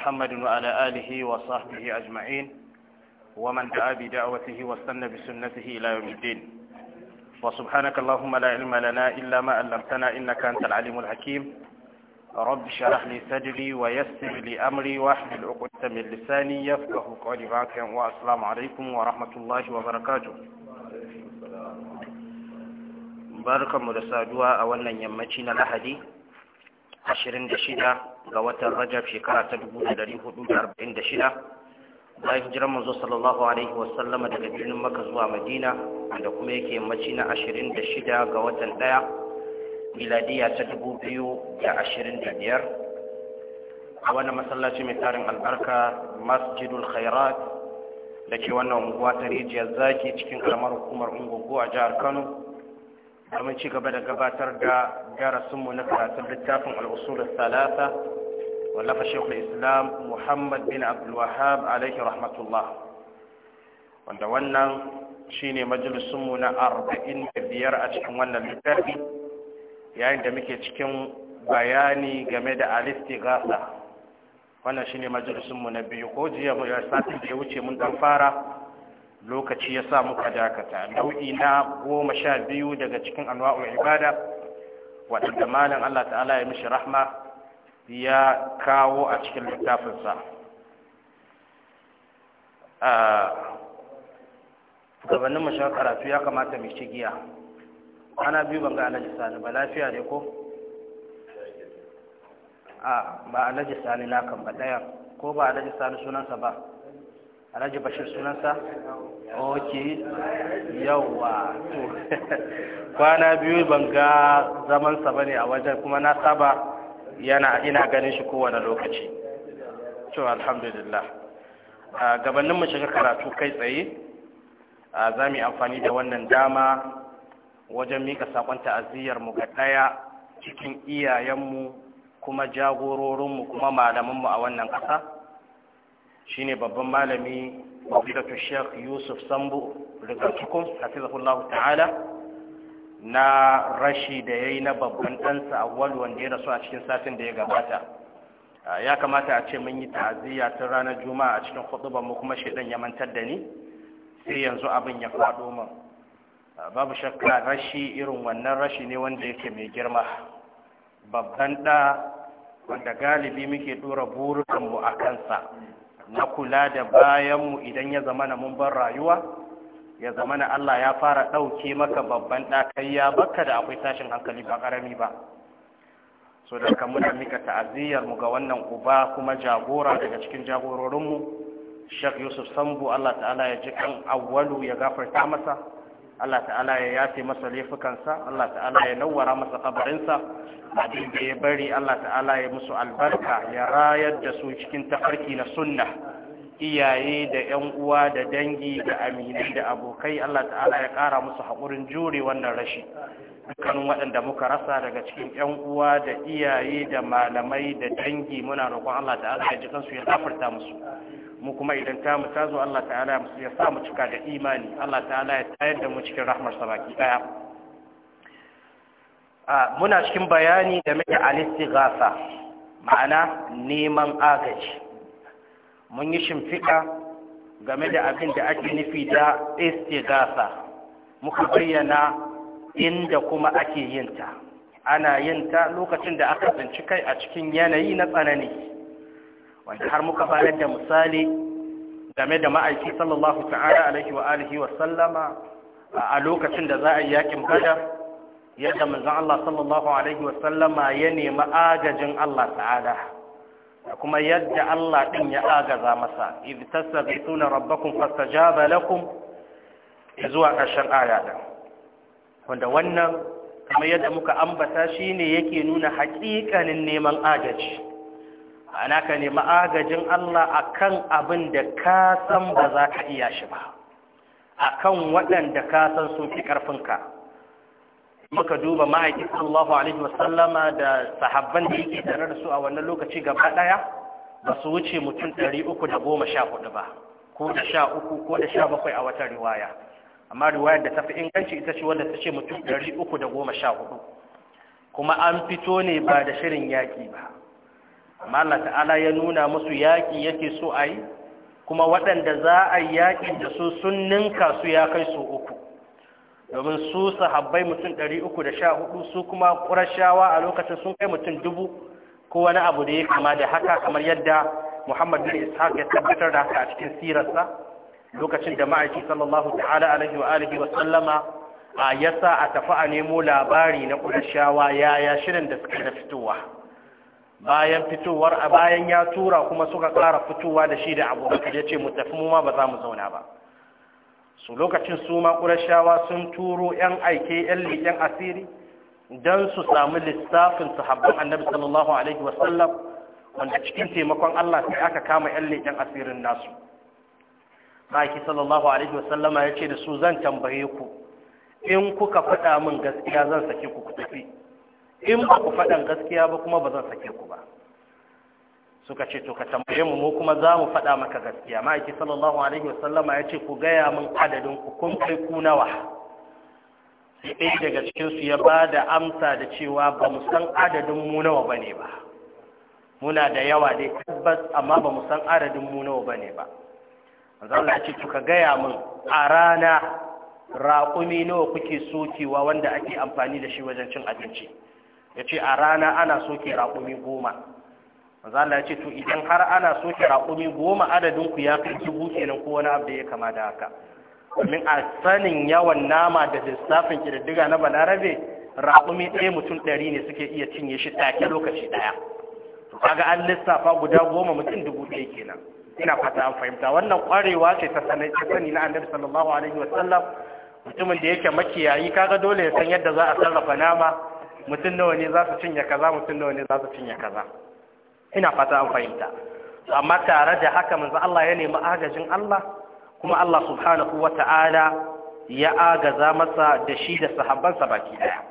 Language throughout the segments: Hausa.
محمد وعلى آله وصحبه أجمعين ومن دعا بدعوته واستنى بسنته إلى يوم الدين وسبحانك اللهم لا علم لنا إلا ما علمتنا إنك أنت العليم الحكيم رب شرح لي صدري ويسر لي أمري واحلل عقدة من لساني يفقه قولي معك والسلام عليكم ورحمة الله وبركاته barkanmu da saduwa a wannan yammaci na lahadi 26 ga watan rajab shekara ta 1446 bayan hijiran manzo sallallahu alaihi sallama daga birnin maka zuwa madina da kuma yake maci na 26 ga watan ɗaya, miladiya ta 2025 a wannan masallaci mai tarin albarka masjidul khairat da ke wannan unguwa ta rijiyar zaki cikin karamar hukumar ungugu a jihar kano domin ci gaba da gabatar da mu na karatun littafin al'usul salata wallafa shekul islam muhammad bin abdulwahab alaihi rahmatullah wanda wannan shine majalisunmu na arba'in da biyar a cikin wannan littafi yayin da muke cikin bayani game da alisti gasa wannan shine majalisunmu na biyu ko jiya mu satin da ya wuce mun dan fara lokaci ya sa muka dakata nau'i na goma sha biyu daga cikin anwa'ul ibada waɗanda malam Allah ta'ala ya mishi rahma ya kawo a cikin littafinsa gabanin mashi karatu ya kamata mai ci giya ana biyu ban ga sani ba lafiya ne ko? a ba alaji sani na kan ba ɗayan ko ba alaji sani sunansa ba alhaji bashir sunansa ok yawa to kwana biyu ban ga zamansa ba ne a wajen kuma na saba yana ina ganin shi kowane lokaci to alhamdulillah gabanin mu shiga karatu kai tsaye za mu yi amfani da wannan dama wajen mika sakon ta'aziyyar mu ga ɗaya cikin iyayenmu kuma jagororinmu kuma malamanmu a wannan ƙasa Shi ne babban malami mafidatu sheikh yusuf sambo daga cikin hafizahullahu ta'ala na rashi da ya yi na babban ɗansa a walwan wanda ya rasu a cikin satin da ya gabata ah, ya kamata a ce mun yi ta'aziyya ta ranar juma'a a cikin hudubar mu kuma shaidan ya mantar da ni sai yanzu abin ya faɗo min ah, babu shakka rashi irin wannan rashi ne wanda yake mai girma babban ɗa wanda galibi muke ɗora burukanmu a kansa na kula da bayanmu idan ya zama na mun bar rayuwa ya zama na Allah ya fara ɗauke maka babban ɗakayya baka da akwai tashin hankali ba ƙarami ba so da kan muna mika ta'aziyyarmu ga wannan uba kuma jagora daga cikin jagororinmu shek Yusuf Sambu Allah ta'ala ya ji kan awwalu ya gafarta masa Allah ta'ala ya yafe masa laifukansa Allah ta'ala ya nawwara masa kabarinsa abin da ya bari Allah ta'ala ya musu albarka ya rayar da su cikin tafarki na sunna iyaye da 'yan uwa da dangi da aminai da abokai Allah ta'ala ya ƙara musu haƙurin jure wannan rashi dukkanin waɗanda muka rasa daga cikin 'yan uwa da iyaye da malamai da dangi muna roƙon Allah ta'ala ya ji kansu ya zafarta musu mu kuma idan ta mu tazo Allah ta'ala ya sa mu cika da imani Allah ta'ala ya tayar da mu cikin rahmar sa baki daya muna cikin bayani da da al-istighatha ma'ana neman agaji mun yi shimfiɗa game da abin da ake nufi da istighatha muka bayyana inda kuma ake yin ta ana yin ta lokacin da aka tsinci kai a cikin yanayi na tsanani wanda har muka bayar da misali game da ma'aiki sallallahu ta'ala alaihi wa alihi wa sallama a lokacin da za a yi yakin badar yadda manzon Allah sallallahu alaihi wa sallama ya nemi agajin Allah ta'ala kuma yadda Allah din ya agaza masa idh tastaghithuna rabbakum fastajaba lakum zuwa ƙarshen aya wanda wannan kamar yadda muka ambata shi ne yake nuna haƙiƙanin neman agaji ana ka nemi agajin Allah akan abin da ka san ba za ka iya shi ba akan waɗanda ka san sun fi ƙarfinka muka duba ma'aikin Allahu alaihi wasallama da sahabban da yake tare da su a wannan lokaci gaba ɗaya ba su wuce mutum ɗari uku da goma sha hudu ba ko da sha uku ko da sha bakwai a wata riwaya amma riwayar da ta fi inganci ita ce wanda ta ce mutum ɗari uku da goma sha hudu kuma an fito ne ba da shirin yaƙi ba amma Allah ta'ala ya nuna musu yaƙi yake so a yi kuma waɗanda za a yi yaƙi da su sun ninka su ya kai su uku domin su sahabbai mutum ɗari uku da sha hudu su kuma ƙurashawa a lokacin sun kai mutum dubu ko wani abu da ya kama da haka kamar yadda muhammad bin ishaq ya tabbatar da haka a cikin sirarsa lokacin da ma'aiki sallallahu ta'ala alaihi wa alihi wa sallama a yasa a tafi a nemo labari na kudashawa yaya shirin da suke da fitowa bayan fitowar a bayan ya tura kuma suka ƙara fitowa da shi da abubakar ya ce mu tafi mu ma ba za mu zauna ba su lokacin su ma ƙurashawa sun turo 'yan aike 'yan leƙen asiri don su samu lissafin sahabban annabi sallallahu alaihi sallam. wanda cikin taimakon Allah sai aka kama 'yan leƙen asirin nasu maki sallallahu alaihi wasallama ya ce da su zan tambaye ku in kuka faɗa min gaskiya zan sake ku ku tafi in ba ku faɗan gaskiya ba kuma ba zan sake ku ba suka ce to ka tambaye mu mu kuma za mu faɗa maka gaskiya maki sallallahu alaihi wasallama ya ce ku gaya min adadin ku kun kai ku nawa sai ɗaya daga cikinsu ya ba da amsa da cewa ba mu san adadin mu nawa ba ne ba muna da yawa dai tabbas amma ba mu san adadin mu nawa ba ne ba manzo Allah ya ce ka gaya min a rana raƙumi nawa kuke sokewa wanda ake amfani da shi wajen cin abinci ya ce a rana ana soke raƙumi goma manzo ya ce to idan har ana soke raƙumi goma adadin ya kai dubu kenan ko wani abu da ya kama da haka domin a sanin yawan nama da lissafin ƙididdiga na balarabe raƙumi ɗaya mutum ɗari ne suke iya cinye shi take lokaci ɗaya to kaga an lissafa guda goma mutum dubu ɗaya kenan ina fata an fahimta wannan kwarewa ce ta sani na annabi sallallahu alaihi sallam mutumin da yake makiyayi kaga dole ya san yadda za a sarrafa nama mutum nawa ne za su cinye kaza mutum nawa ne za su cinye kaza ina fata an fahimta amma tare da haka manzo Allah ya nemi agajin Allah kuma Allah subhanahu wata'ala ya agaza masa da shi da sahabbansa baki daya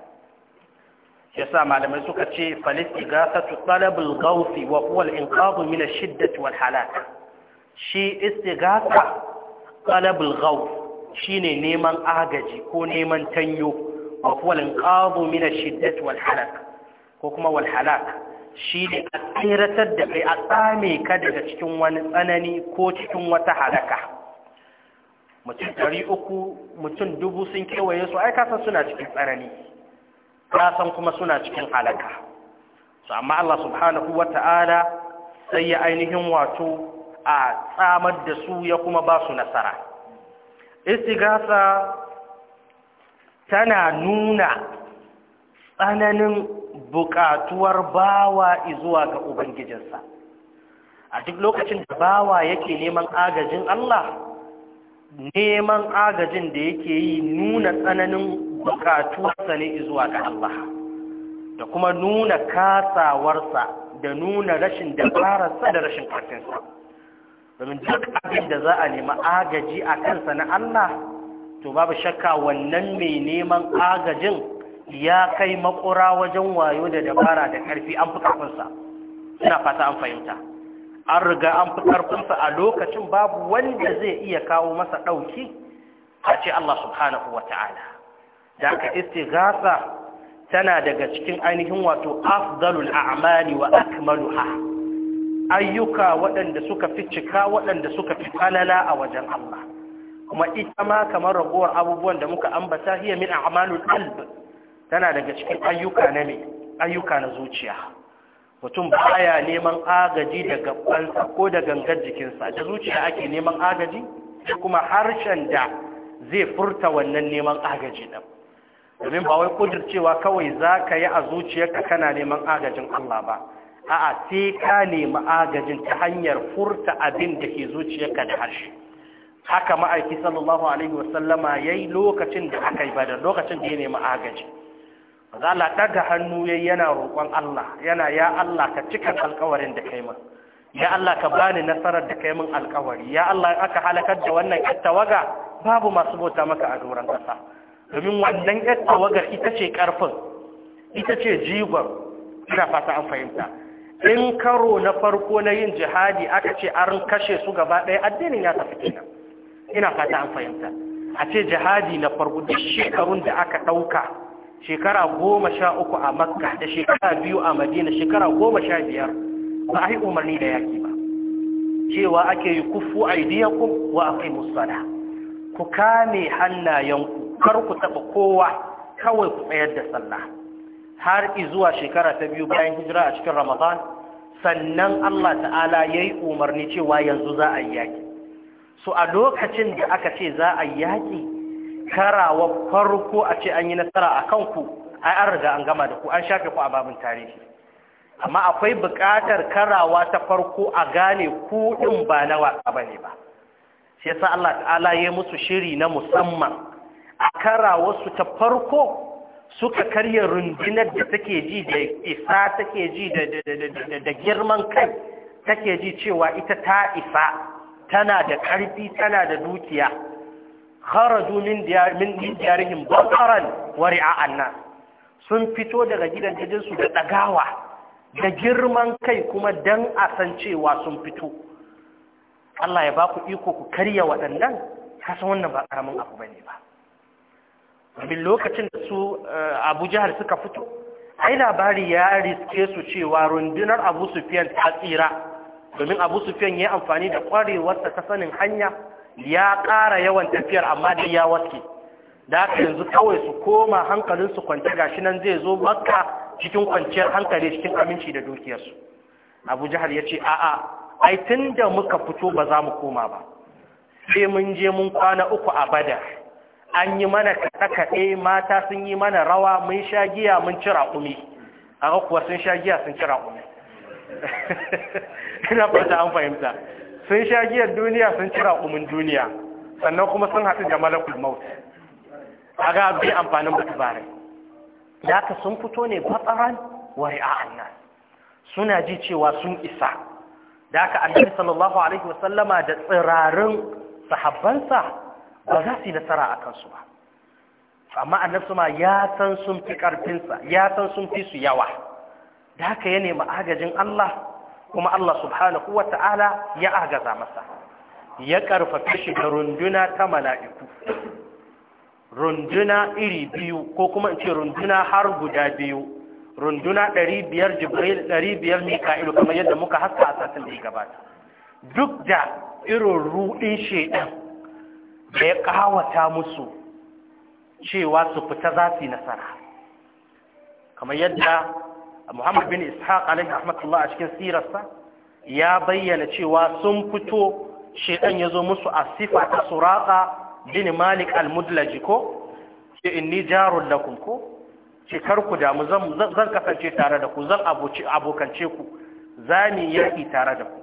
yasa malamai suka ce falistigasatu talabul gawfi wa huwa al-inqadhu min ash-shiddati wal halaka shi istighatha talabul ghaw shine neman agaji ko neman tanyo wa huwa al-inqadhu min ash shiddat wal halak ko kuma wal halak shine a tsiratar da kai a tsame ka daga cikin wani tsanani ko cikin wata halaka mutum ɗari uku mutum dubu sun kewaye su ai kasan suna cikin tsanani kasan kuma suna cikin halaka su amma Allah subhanahu wa sai ya ainihin wato a tsamar da su ya kuma ba su nasara istigasa tana nuna tsananin buƙatuwar bawa zuwa ga ubangijinsa a duk lokacin da bawa yake neman agajin Allah neman agajin da yake yi nuna tsananin bukatuwarsa ne zuwa ga Allah da kuma nuna kasawarsa da nuna rashin dabararsa da rashin karfinsa domin duk abin da za a nemi agaji a kansa na Allah to babu shakka wannan mai neman agajin ya kai makura wajen wayo da dabara da ƙarfi an fi ƙarfinsa ina fata an fahimta an riga an fi ƙarfinsa a lokacin babu wanda zai iya kawo masa ɗauki a ce Allah subhanahu wa ta'ala da aka tana daga cikin ainihin wato afdalul a'mali wa akmaluha ayyuka waɗanda suka fi cika waɗanda suka fi falala a wajen Allah kuma ita ma kamar raguwar abubuwan da muka ambata hiya min a'malul qalb tana daga cikin ayyuka na ne ayyuka na zuciya mutum baya neman agaji da gabansa ko da gangar jikinsa da zuciya ake neman agaji kuma harshen da zai furta wannan neman agaji din domin ba wai cewa kawai za ka yi a zuciyarka kana neman agajin Allah ba a'a sai ka nemi agajin ta hanyar furta abin da ke zuciyarka da harshe haka ma'aiki sallallahu alaihi wasallama yayi lokacin da aka yi badar lokacin da ya nemi agaji mazala daga hannu yayi yana roƙon Allah yana ya Allah ka cika alƙawarin da kai ya Allah ka bani nasarar da kai min alƙawari ya Allah aka halakar da wannan tawaga babu masu bauta maka a doron ƙasa domin wannan tawagar ita ce ƙarfin ita ce jigon ina fata an fahimta in karo na farko na yin jihadi aka ce an kashe su gaba ɗaya addinin ya tafi kenan ina fata an fahimta a ce jihadi na farko duk shekarun da aka ɗauka shekara goma sha uku a makka da shekara biyu a madina shekara goma sha biyar ba a yi umarni da yaƙi ba cewa ake yi kufu a ku wa kai musala ku kame hannayen ku kar ku taɓa kowa kawai ku tsayar da sallah har izuwa shekara ta biyu bayan hijira a cikin ramadan sannan Allah ta'ala ya yi umarni cewa yanzu za a yi yaƙi so a lokacin da aka ce za a yi yaƙi karawa farko a ce an yi nasara a kanku ai an riga an gama da ku an shafe ku a babin tarihi amma akwai buƙatar karawa ta farko a gane ku ɗin ba na wasa ba ba sai sa Allah ta'ala ya yi musu shiri na musamman a karawa su ta farko suka karya rundunar da take ji da isa take ji da girman kai take ji cewa ita ta isa tana da ƙarfi tana da dukiya kharaju min diyarihim bakaran wa sun fito daga gidan gidansu da ɗagawa da girman kai kuma dan a san cewa sun fito Allah ya ba ku iko ku karya waɗannan kasan wannan ba ƙaramin abu bane ba abin lokacin da su eh, abu jihar suka fito ai labari ya riske su cewa rundunar abu sufiyan ta tsira domin abu sufiyan ya yi amfani da kwarewarsa ta sanin hanya ya ƙara yawan tafiyar amma dai ya waske da haka yanzu kawai su koma hankalinsu kwanci gashi nan zai zo maka cikin kwanciyar hankali cikin aminci da dukiyarsu abu jihar ya ce a'a ai tun da muka fito ba za mu koma ba sai mun je mun kwana uku a bada an yi mana kaɗe-kaɗe mata sun yi mana rawa mun sha giya mun cira umi a kuwa sun sha giya sun cira umi ina fata an fahimta sun sha giyar duniya sun cira umin duniya sannan kuma sun haɗu da malakul maut a ga bi amfanin mutubarai da ka sun fito ne batsaran wari a annan suna ji cewa sun isa da aka annabi sallallahu alaihi wasallama da tsirarin sahabbansa ba za su yi nasara a kansu ba amma annabi sama ya san sun fi karfinsa ya san sun fi su yawa da haka ya nemi agajin Allah kuma Allah subhanahu wa ta'ala ya agaza masa ya ƙarfafi shi da runduna ta mala'iku runduna iri biyu ko kuma in ce runduna har guda biyu runduna ɗari biyar jibril ɗari biyar mika'ilu kamar yadda muka haska a satin da gabata duk da irin ruɗin shaidan da ya kawata musu cewa su fita za su yi nasara kamar yadda Muhammad bin Ishaq alaihi rahmatullah a cikin sirarsa ya bayyana cewa sun fito shekan ya zo musu a sifa ta suraka bin Malik al-Mudlaji ko ce inni jarul lakum ko ce kar ku damu zan kasance tare da ku zan abokance ku za ni yaki tare da ku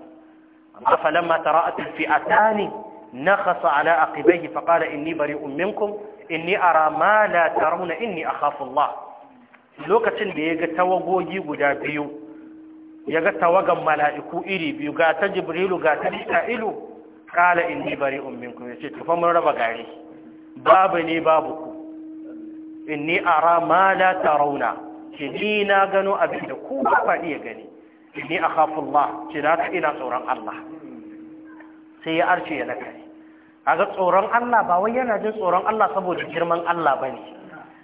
amma falamma a fi'atani نخص على عقبيه فقال إني بريء منكم إني أرى ما لا ترون إني أخاف الله lokacin da ya ga tawagogi guda biyu ya ga tawagan mala'iku iri biyu ga ta jibrilu ga ta mika'ilu ƙala inni bari umminku ya ce tufa mun raba gari babu ne babu ku inni ara ma la tarawna ce ni na gano abin da ku ba iya gani inni akhafullah ce na ta ina tsoron Allah sai ya arce ya ne a ga tsoron Allah ba wai yana jin tsoron Allah saboda girman Allah ba ne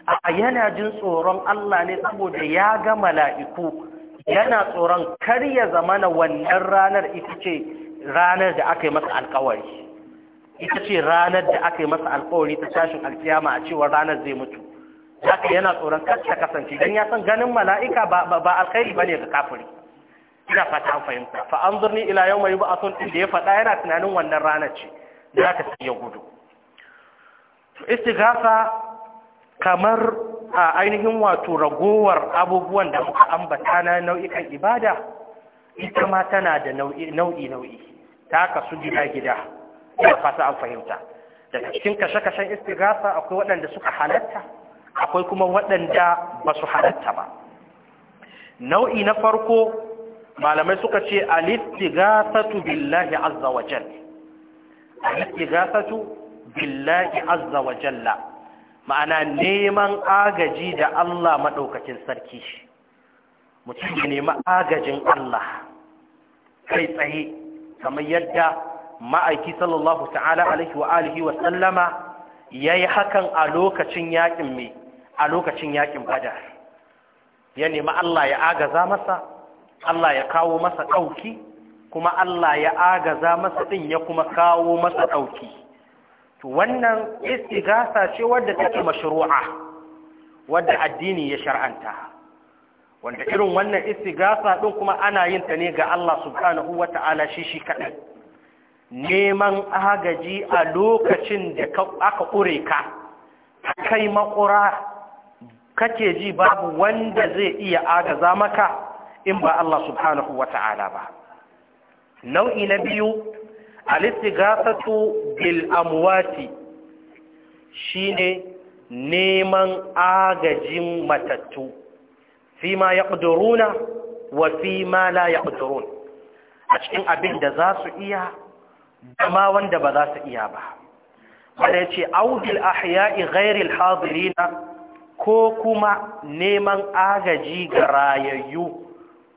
a yana jin tsoron Allah ne saboda ya ga mala'iku yana tsoron kar ya zamana wannan ranar ita ce ranar da aka yi masa alkawari ita ce ranar da aka yi masa alkawari ta tashin alkiyama a cewar ranar zai mutu haka yana tsoron kar kasance don ya san ganin mala'ika ba alkhairi ba ne ga kafiri ina fata an fahimta fa an zurni ila yau mai ba'asun da ya faɗa yana tunanin wannan rana ce da aka sai ya gudu istighafa kamar a ainihin wato ragowar abubuwan da muka ambata na nau'ikan ibada ita ma tana da nau'i nau'i ta su gida gida ina fata an fahimta daga cikin kashe-kashen istighafa akwai waɗanda suka halatta akwai kuma waɗanda ba su halatta ba nau'i na farko malamai suka ce al-istighathatu billahi azza wa jalla al billahi azza wa jalla ma'ana neman agaji da Allah madaukakin sarki mutum ya nemi agajin Allah kai tsaye kamar yadda ma'aiki sallallahu ta'ala alaihi wa alihi wa sallama yayi hakan a lokacin yakin me a lokacin yakin badar ya nemi Allah ya agaza masa Allah ya kawo masa ɗauki kuma Allah ya agaza masa ɗin ya kuma kawo masa ɗauki to wannan istigasa ce wadda take mashru'a wadda addini ya shar'anta wanda irin wannan istigasa ɗin kuma ana yin ta ne ga Allah subhanahu ta'ala shi shi kaɗai neman agaji a lokacin da aka ƙure ka kai maƙura kake ji babu wanda zai iya agaza maka in ba Allah subhanahu wa ta'ala ba nau'i na biyu al-istighathatu bil amwati shine neman agajin matattu fima yaqdiruna wa fima la yaqdirun a cikin abin da za su iya dama ma wanda ba za su iya ba wanda ya ce audil ahya'i gairil hazirina ko kuma neman agaji ga rayayyu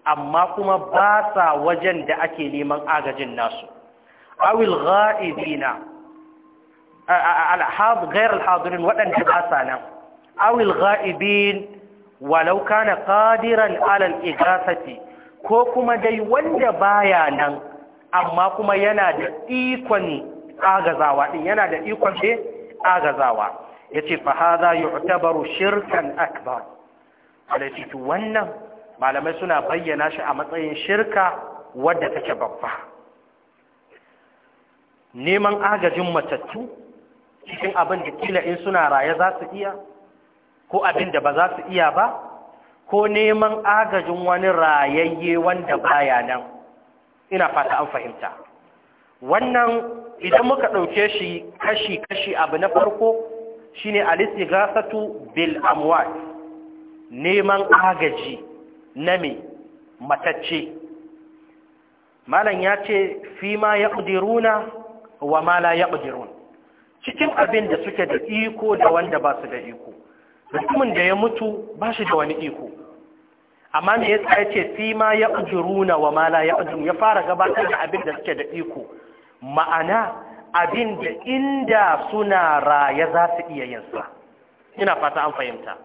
amma kuma ba sa wajen da ake neman agajin nasu awil gha'ibina al ghayr al wadanda ba sa nan awil gha'ibin walau kana qadiran ala al-ighasati ko kuma dai wanda baya nan amma kuma yana da ikon agazawa din yana da ikon ce agazawa yace fa hadha yu'tabaru shirkan akbar alati wannan malamai suna bayyana shi a matsayin shirka wadda take babba neman agajin matattu cikin abin da kila in suna raye za su iya ko abin da ba za su iya ba ko neman agajin wani rayayye wanda baya nan ina fata an fahimta wannan idan muka ɗauke shi kashi-kashi abu na farko shine gasatu, bil amwat neman agaji na me matacce malam ya ce fi ma ya ƙudiruna wa ma la ya ƙudirun cikin abin da suke da iko da wanda ba su da iko mutumin da ya mutu ba shi da wani iko amma me ya tsaye ce fi ma ya ƙudiruna wa ma la ya ƙudirun ya fara gabatar da abin da suke da iko ma'ana abin da inda suna raye za su iya yinsa ina fata an fahimta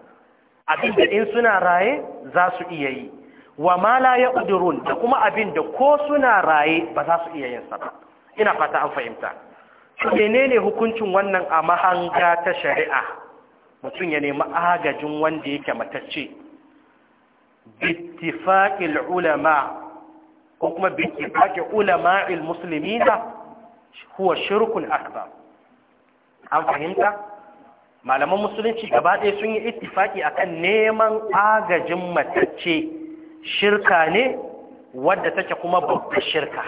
abin da in suna raye za su iya yi wa ma la ƙudurun da kuma abin da ko suna raye ba za su iya yin sa ba ina fata an fahimta menene hukuncin wannan a mahanga ta shari'a mutum ya nemi agajin wanda yake matacce bittifaqil ulama ko kuma bittifaqil ulama'il huwa shirkun akbar an fahimta malaman musulunci gaba ɗaya sun yi ittifaki akan neman agajin matacce shirka ne wadda take kuma babba shirka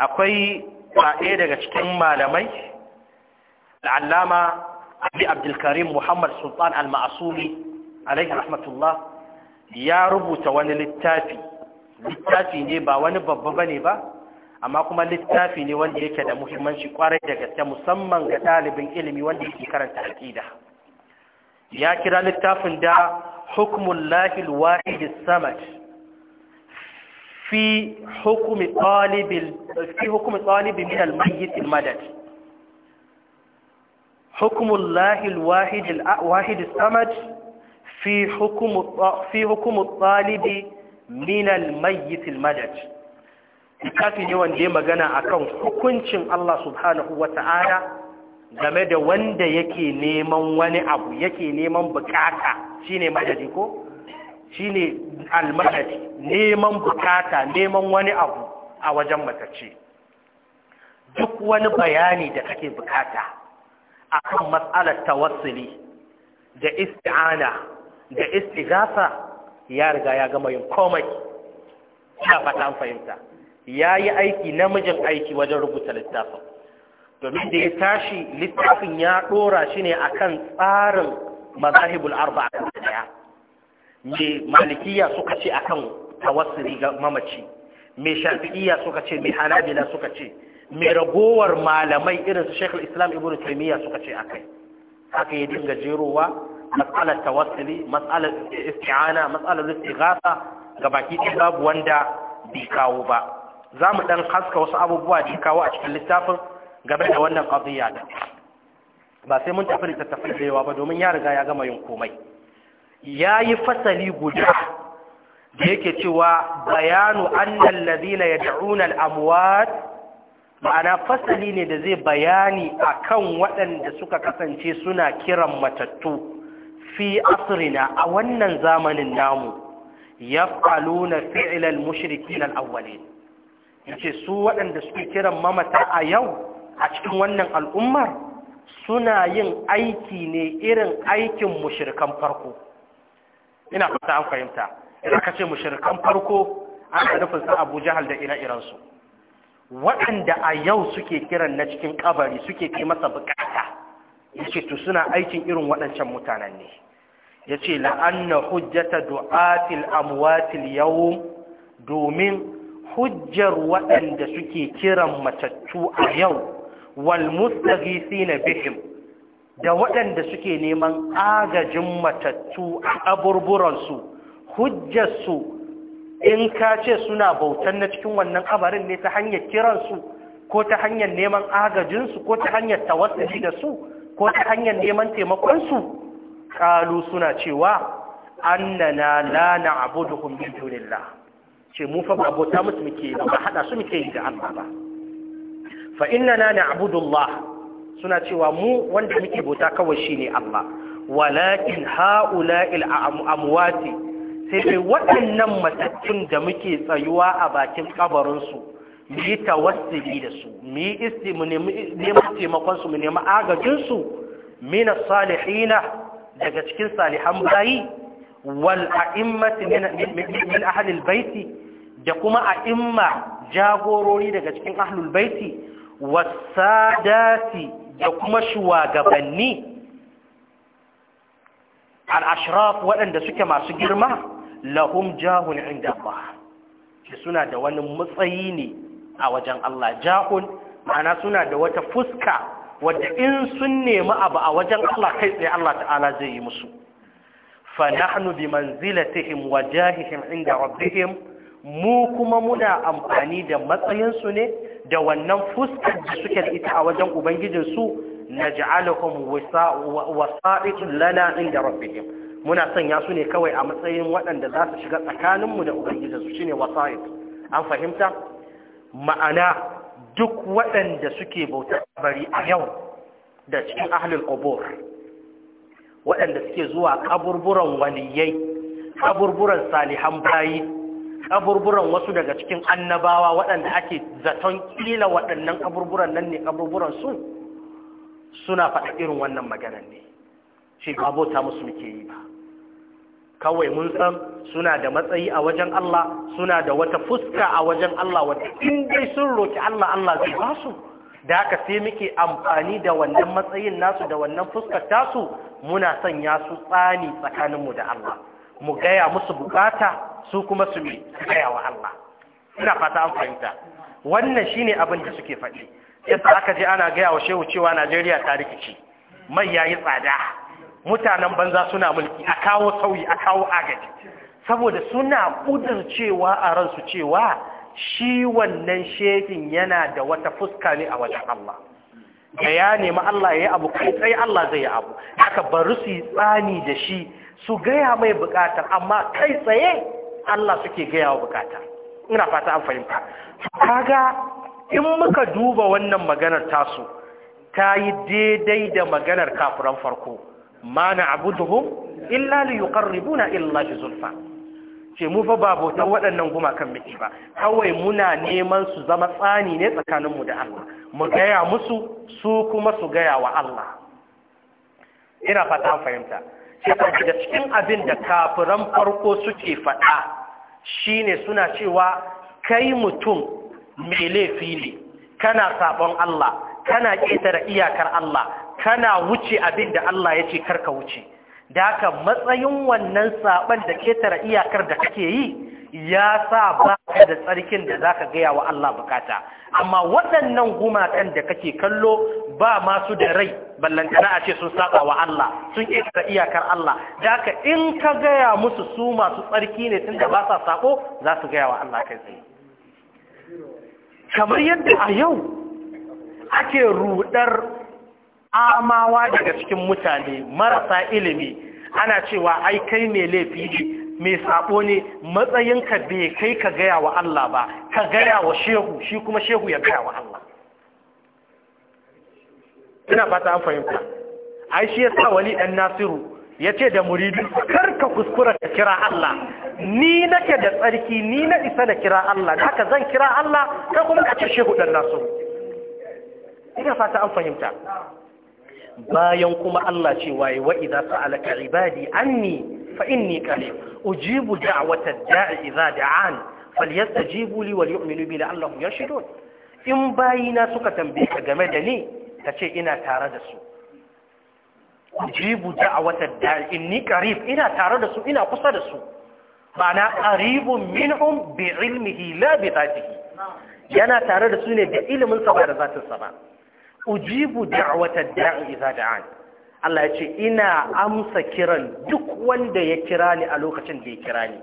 akwai ɗaya daga cikin malamai al'allama abi abdulkarim muhammad sultan al-ma'asuli alaihi rahmatullah ya rubuta wani littafi littafi ne ba wani babba ba ne ba amma kuma littafi ne wanda yake da muhimmanci kwarai da gaske musamman ga ɗalibin ilimi wanda yake karanta aƙida ya kira littafin da hukmun lahil wahid samad fi hukumi talibin fi hukumi talibin min al-mayyit al hukmun lahil wahid al samad fi hukumi fi hukumi talibi min al-mayyit littafi yawan wanda ya magana akan hukuncin Allah subhanahu ta'ala game da wanda yake neman wani abu yake neman bukata shine madadi ko ne almadadi neman bukata neman wani abu a wajen matacce duk wani bayani da kake bukata akan matsalar tawassuli da isti'ana da istigasa ya riga ya gama yin komai ina fata an fahimta ya yi aiki namijin aiki wajen rubuta littafin domin da ya tashi littafin ya ɗora shi ne a kan tsarin mazahibul arba a kan daya mai malikiya suka ce akan tawassiri ga mamaci mai shafi'iya suka ce mai hanabila suka ce mai ragowar malamai irin su shekul islam ibn taimiyya suka ce akai haka ya dinga jerowa matsalar tawassiri matsalar isti'ana matsalar istighatha ga baki ɗin babu wanda bai kawo ba za mu ɗan haska wasu abubuwa da kawo a cikin littafin game da wannan ƙaziyya da ba sai mun tafi littattafai da yawa ba domin ya riga ya gama yin komai ya yi fasali guda da yake cewa bayanu annal ladina yad'una al-amwat ma'ana fasali ne da zai bayani akan waɗanda suka kasance suna kiran matattu fi asrina a wannan zamanin namu yaf'aluna fi'lal mushrikin al-awwalin yace su waɗanda suke kiran mamata a yau a cikin wannan al'ummar suna yin aiki ne irin aikin mushirkan farko ina fata an fahimta idan ka ce mushirkan farko an nufin sa Abu Jahal da ina-iransu. waɗanda a yau suke kiran na cikin kabari suke kai masa bukata yace to suna aikin irin waɗancan mutanen ne yace la'anna hujjata du'atil amwatil yawm domin hujjar waɗanda suke kiran matattu a yau wal sina bihim da waɗanda suke neman agajin matattu a aburburansu hujjarsu in ka ce suna bautan na cikin wannan abarin ne ta hanyar kiransu ko ta hanyar neman agajinsu ko ta hanyar tawassuli da su ko ta hanyar neman taimakonsu kalu suna cewa annana la da min dunillah ce mu fa abota musu muke ba ba hada su muke yi da Allah ba fa innana na'budullah suna cewa mu wanda muke bota kawai shine Allah walakin ha'ula'il amwati sai dai waɗannan matattun da muke tsayuwa a bakin kabarinsu mu yi tawassuli da su mu yi isti mu neman taimakonsu mu neman agajinsu mina salihina daga cikin salihan bayi wal a'immati min ahlil baiti da kuma a imma jagorori daga cikin ahlul baiti wasadati da kuma shugabanni al-ashraf waɗanda suke masu girma lahum jahun inda Allah suna da wani matsayi ne a wajen Allah jahun ma'ana suna da wata fuska wadda in sun nemi abu a wajen Allah kai tsaye Allah ta'ala zai yi musu fa nahnu bi manzilatihim wa jahihim inda rabbihim mu kuma muna amfani da matsayinsu ne da wannan fuskar da suke da ita a wajen ubangijinsu na ja'alahum wasa'iqun lana inda rabbihim muna sanya su ne kawai a matsayin waɗanda za su shiga tsakaninmu da ubangijinsu shine wasa'iq an fahimta ma'ana duk waɗanda suke bautar bari a yau da cikin ahalin obor waɗanda suke zuwa kaburburan waliyai kaburburan salihan bayi kaburburan wasu daga cikin annabawa waɗanda ake zaton ƙila waɗannan kaburburan nan ne kaburburan su suna faɗa irin wannan maganar ne shi ba musu muke yi ba kawai mun san suna da matsayi a wajen Allah suna da wata fuska a wajen Allah wata in dai sun roki Allah Allah zai ba su da haka sai muke amfani da wannan matsayin nasu da wannan fuskar tasu muna sanya su tsani tsakaninmu da Allah mu gaya musu bukata su kuma su gaya wa Allah ina fata an fahimta wannan shine abin da suke faɗi Yadda aka je ana gaya wa shehu cewa Najeriya ta rikici mai yayi tsada mutanen banza suna mulki a kawo sauyi a kawo agaji saboda suna cewa a ransu cewa shi wannan shekin yana da wata fuska ne a wajen Allah da ya nemi Allah ya yi abu kai tsaye Allah zai yi abu Haka bari su yi tsani da shi su gaya mai bukatar amma kai tsaye Allah suke gaya wa bukatar ina fata an fahimta kaga in muka duba wannan maganar tasu ta yi daidai da maganar kafuran farko Mana na abuduhum illa li yuqarribuna illa bi zulfa ce mu fa babu ta waɗannan gumakan miki ba kawai muna neman su zama tsani ne tsakaninmu da Allah mu gaya musu su kuma su gaya wa Allah ina fata an fahimta sai daga cikin abin da kafiran farko suke faɗa shine suna cewa kai mutum mai laifi ne kana sabon Allah kana ƙetare iyakar Allah kana wuce abin da Allah ya ce karka wuce da haka matsayin wannan saɓon da ƙetare iyakar da kake yi ya sa ba ka da tsarkin da za ka gaya wa Allah bukata amma waɗannan gumakan da kake kallo ba masu da rai ballantana a ce sun saba wa Allah sun ƙeta iyakar Allah da ka in ka gaya musu su masu tsarki ne tun da ba sa sako za su gaya wa Allah kai tsaye kamar yadda a yau ake rudar amawa daga cikin mutane marasa ilimi ana cewa ai kai mai laifi mai sabo ne matsayinka bai kai ka gaya wa Allah ba ka gaya wa shehu shi kuma shehu ya gaya wa Allah ina fata an fahimta ai shi yasa wali dan nasiru yace da muridi kar ka kuskura ka kira Allah ni nake da tsarki ni na isa da kira Allah haka zan kira Allah kai kuma ka ce shehu dan nasiru ina fata an fahimta bayan kuma Allah ce cewa wa idza sa'alaka ibadi anni fa inni qarib ujibu da'wata da'i idza da'an falyastajibu li wal yu'minu bi la'allahum yarshudun in bayina suka tambaye ka game da ni kace ina tare da su ujibu da'wata da'i inni qarib ina tare da su ina kusa da su Bana qaribun minhum bi ilmihi la bi yana tare da su ne da ilimin sa da ba ujibu da'i Allah ya ce ina amsa kiran duk wanda ya kira ni a lokacin da ya kira ni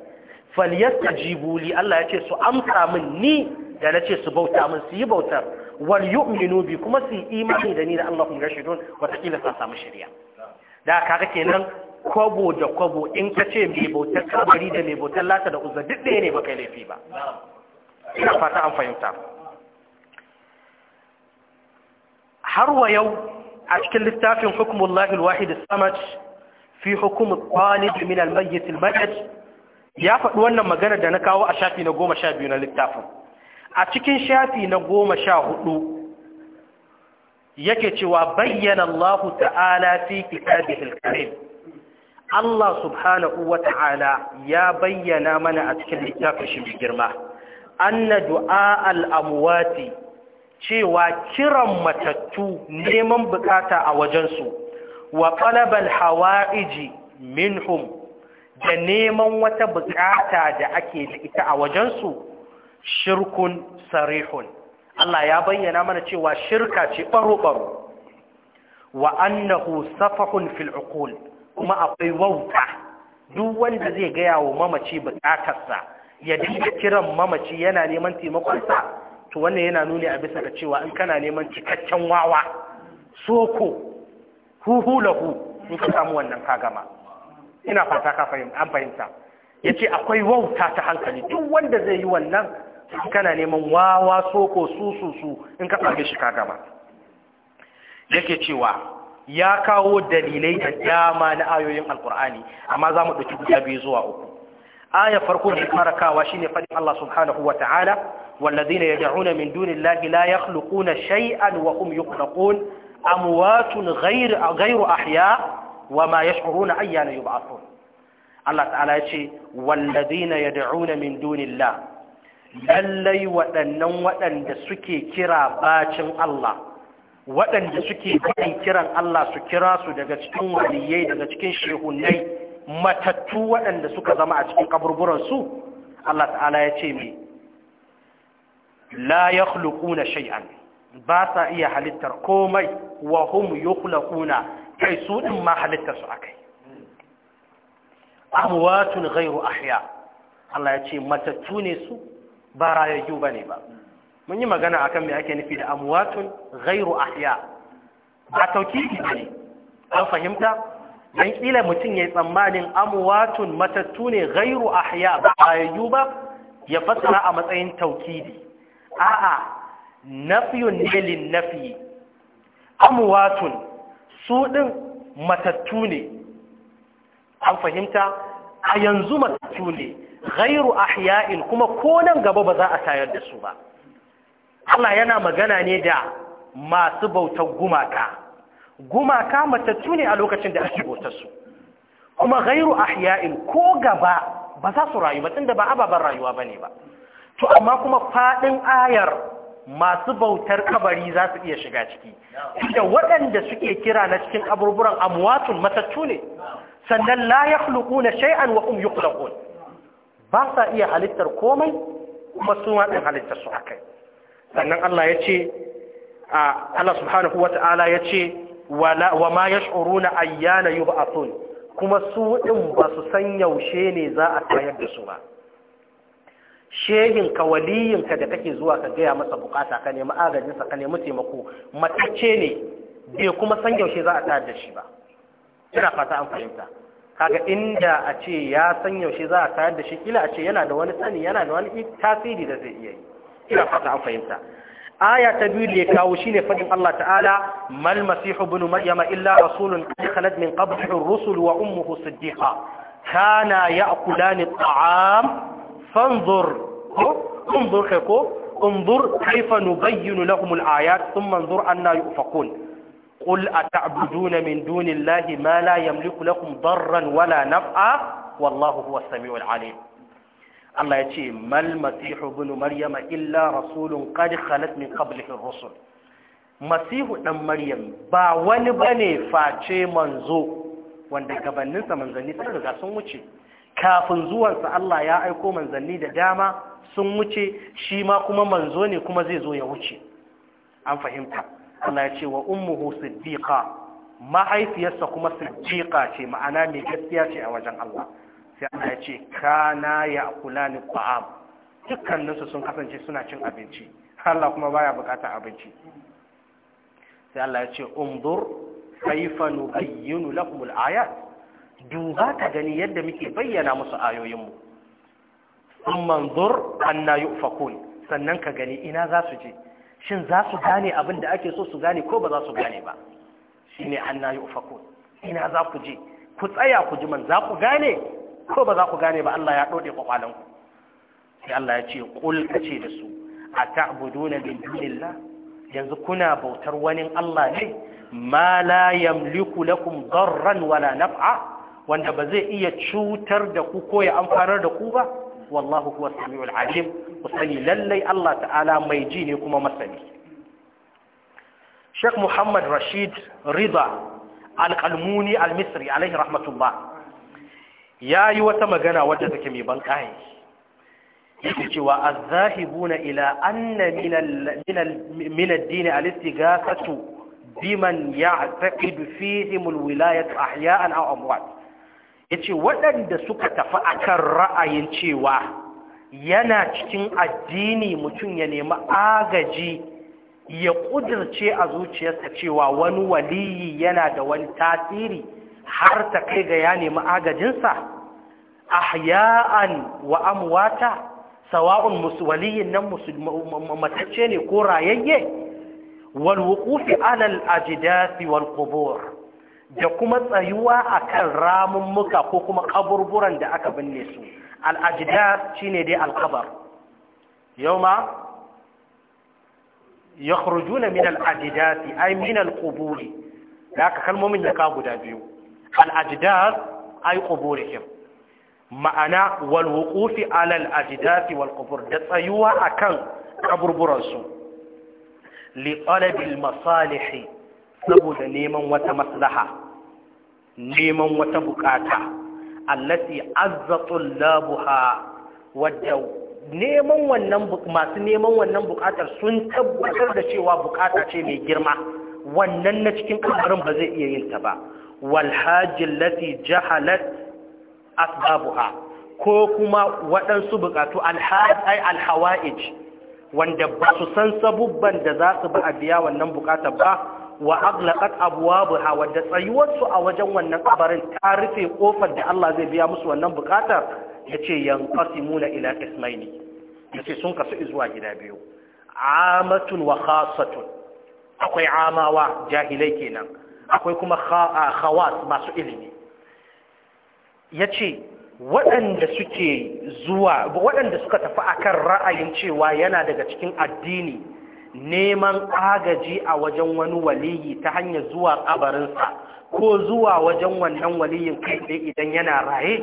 Falyasta jibuli Allah ya ce su amsa min ni da na ce su bauta min su yi bautar wal yu'minu bi kuma su yi imani da ni da Allah kuma wata Wataƙila sa samu shari'a da kaga kenan kwabo da kwabo in ka ce mai bautar kabari da mai bautar lata da uzza duk ɗaya ne ba kai laifi ba ina fata an fahimta har wa yau a cikin littafin hukumullahi wahidi samaj fi hukum al min al-mayyit al-mayyit ya faɗi wannan magana da na kawo a shafi na goma sha na littafin a cikin shafi na goma sha hudu yake cewa bayyana Allah ta'ala fi kitabihi al-karim Allah subhanahu wa ta'ala ya bayyana mana a cikin littafin shi girma anna du'a al-amwati cewa kiran matattu neman bukata a wajensu wa qalabal hawaiji minhum da neman wata bukata da ake da ita a wajensu shirkun sarihun Allah ya bayyana mana cewa shirka ce baro-baro wa annahu safahun fil uqul kuma akwai wauta duk wanda zai gaya wa mamaci bukatarsa ya dinga kiran mamaci yana neman taimakonsa to wannan yana nuni a bisa ga cewa in kana neman cikakken wawa soko huhu lahu in ka samu wannan ka gama ina fata ka fahimta an fahimta yace akwai wauta ta hankali duk wanda zai yi wannan In kana neman wawa soko su su su in ka same shi ka gama yake cewa ya kawo dalilai da dama na ayoyin alkur'ani amma za mu ɗauki guda biyu zuwa uku aya farko da farakawa shine fadin Allah subhanahu wa ta'ala والذين يدعون من دون الله لا يخلقون شيئا وهم يخلقون أموات غير غير أحياء وما يشعرون أيان يبعثون الله تعالى يقول والذين يدعون من دون الله lallai waɗannan waɗanda suke kira bacin Allah waɗanda suke bayan kiran Allah su kira su daga cikin waliyyai daga cikin shehunai matattu waɗanda suka zama a cikin kaburburansu Allah ta'ala ya ce mai la ya hulukuna shay'an ba sa iya halittar komai wa ya hulukuna kai su ɗin ma halittar su akai Amuwatun gairu ahya Allah ya ce matattu ne su ba rayayyu bane ba mun yi magana akan mai ake nufi da gairu ghairu ahya ba tauki ne an fahimta dan kila mutum yayi tsammanin amuwatun matattu ne ghairu ahya ba ba ya fasara a matsayin taukidi a'a nafyun ne lin amuwatun su ɗin matattu ne an fahimta a yanzu matattu ne ghairu ahya'in kuma ko nan gaba ba za a tayar da su ba Allah yana magana ne da masu bautar gumaka gumaka matattu ne a lokacin da ake bautarsu kuma gairu ahya'in ko gaba ba za su rayu ba tunda ba ababen rayuwa ba bane ba to amma kuma fadin ayar masu bautar kabari za su iya shiga ciki da waɗanda suke kira na cikin aburburan amwatun matattu ne sannan la na shay'an wa hum yukhlaqun ba sa iya halittar komai kuma su ma din halittar su akai sannan Allah ya ce Allah subhanahu wata'ala ya ce wa ma na ayyana yub'athun kuma su in ba su san yaushe ne za a tayar da su ba shehin ka waliyin ka da kake zuwa ka gaya masa bukata ka nemi agajin sa ka nemi taimako matacce ne bai kuma san yaushe za a tayar da shi ba ina fata an fahimta kaga inda a ce ya san yaushe za a tayar da shi kila a ce yana da wani sani yana da wani tasiri da zai iya yi ina fata an fahimta آية تدويل يكاوشين فجم الله تعالى ما المسيح بن مريم إلا رسول قد خلد من قبح الرسل وأمه صديقة كان يأكلان الطعام فانظر انظر خيكو انظر كيف نبين لهم الآيات ثم انظر أنا يؤفقون قل أتعبدون من دون الله ما لا يملك لكم ضرا ولا نفعا والله هو السميع العليم Allah ya ce mal masihu bin maryama illa rasulun qad khalat min qablihi rusul masihu dan maryam ba wani bane face manzo wanda gabaninsa manzanni sun riga sun wuce kafin zuwansa Allah ya aiko manzanni da dama sun wuce shi ma kuma manzo ne kuma zai zo ya wuce an fahimta Allah ya ce wa ummuhu siddiqa mahaifiyarsa kuma siddiqa ce ma'ana mai gaskiya ce a wajen Allah sai Allah ya ce kana ya kula ni qa'am dukkaninsu sun kasance suna cin abinci Allah kuma baya bukatar abinci sai Allah ya ce umdur kaifa nubayyinu lakumul ayat duba ka gani yadda muke bayyana musu ayoyinmu umman zur anna yufakun sannan ka gani ina za su je shin za su gane abin da ake so su gane ko ba za su gane ba shine anna yufakun ina za ku je ku tsaya ku ji man za ku gane ko ba za ku gane ba Allah ya dode kwakwalanku ku sai Allah ya ce kul kace da su ata'buduna min dunillah yanzu kuna bautar wani Allah ne ma la yamliku lakum darran wala naf'a wanda ba zai iya cutar da ku ko ya amfanar da ku ba wallahu huwa samiul alim ku sani lallai Allah ta'ala mai ji ne kuma masani Sheikh Muhammad Rashid Rida Al-Qalmuni Al-Misri alaihi rahmatullah ya yi wata magana wadda take mai ban ƙayin yake cewa a na ila anna minal dini alistigasatu biman ya taƙidu fihimul wilayat ahya'an aw amwat yace waɗanda suka tafi akan ra'ayin cewa yana cikin addini mutum ya nemi agaji ya ƙudurce a zuciyarsa cewa wani waliyi yana da wani tasiri har ta kai ga ya nemi agajinsa ahya'an wa amwata sawa'un muswaliyin nan matacce ne ko rayayye wal wuqufi alal ajidafi wal da kuma tsayuwa akan ramun muka ko kuma kaburburan da aka binne su al ajdas shine dai al qabr yauma yakhrujuna min al ajdasi ay min al quburi da aka kalmomin ya ka guda biyu al-ajdad ay quburihim ma'ana wal alal ala walƙubur da tsayuwa akan kaburburan su li talabi saboda neman wata maslaha neman wata bukata allati azzatul labuha wadda neman wannan masu neman wannan bukatar sun tabbatar da cewa bukata ce mai girma wannan na cikin kabarin ba zai iya yin ta ba Walhajin lati jahalat asbabuha ko kuma waɗansu buƙatu Alhaji alhawa'ij wanda ba su san sabubban da za su ba a biya wannan buƙatar ba wa aglaqat abwabaha wadda tsayuwarsu a wajen wannan kabarin ta rufe kofar da Allah zai biya musu wannan bukatar yace yanqasimuna ila ismaini yace sun kasu zuwa gida biyu amatun wa khassatun akwai amawa jahilai kenan akwai kuma khawas masu ilimi ya ce waɗanda suke zuwa waɗanda suka tafi akan ra'ayin cewa yana daga cikin addini neman agaji a wajen wani waliyi ta hanyar zuwa ƙabarinsa ko zuwa wajen wannan waliyin kai idan yana raye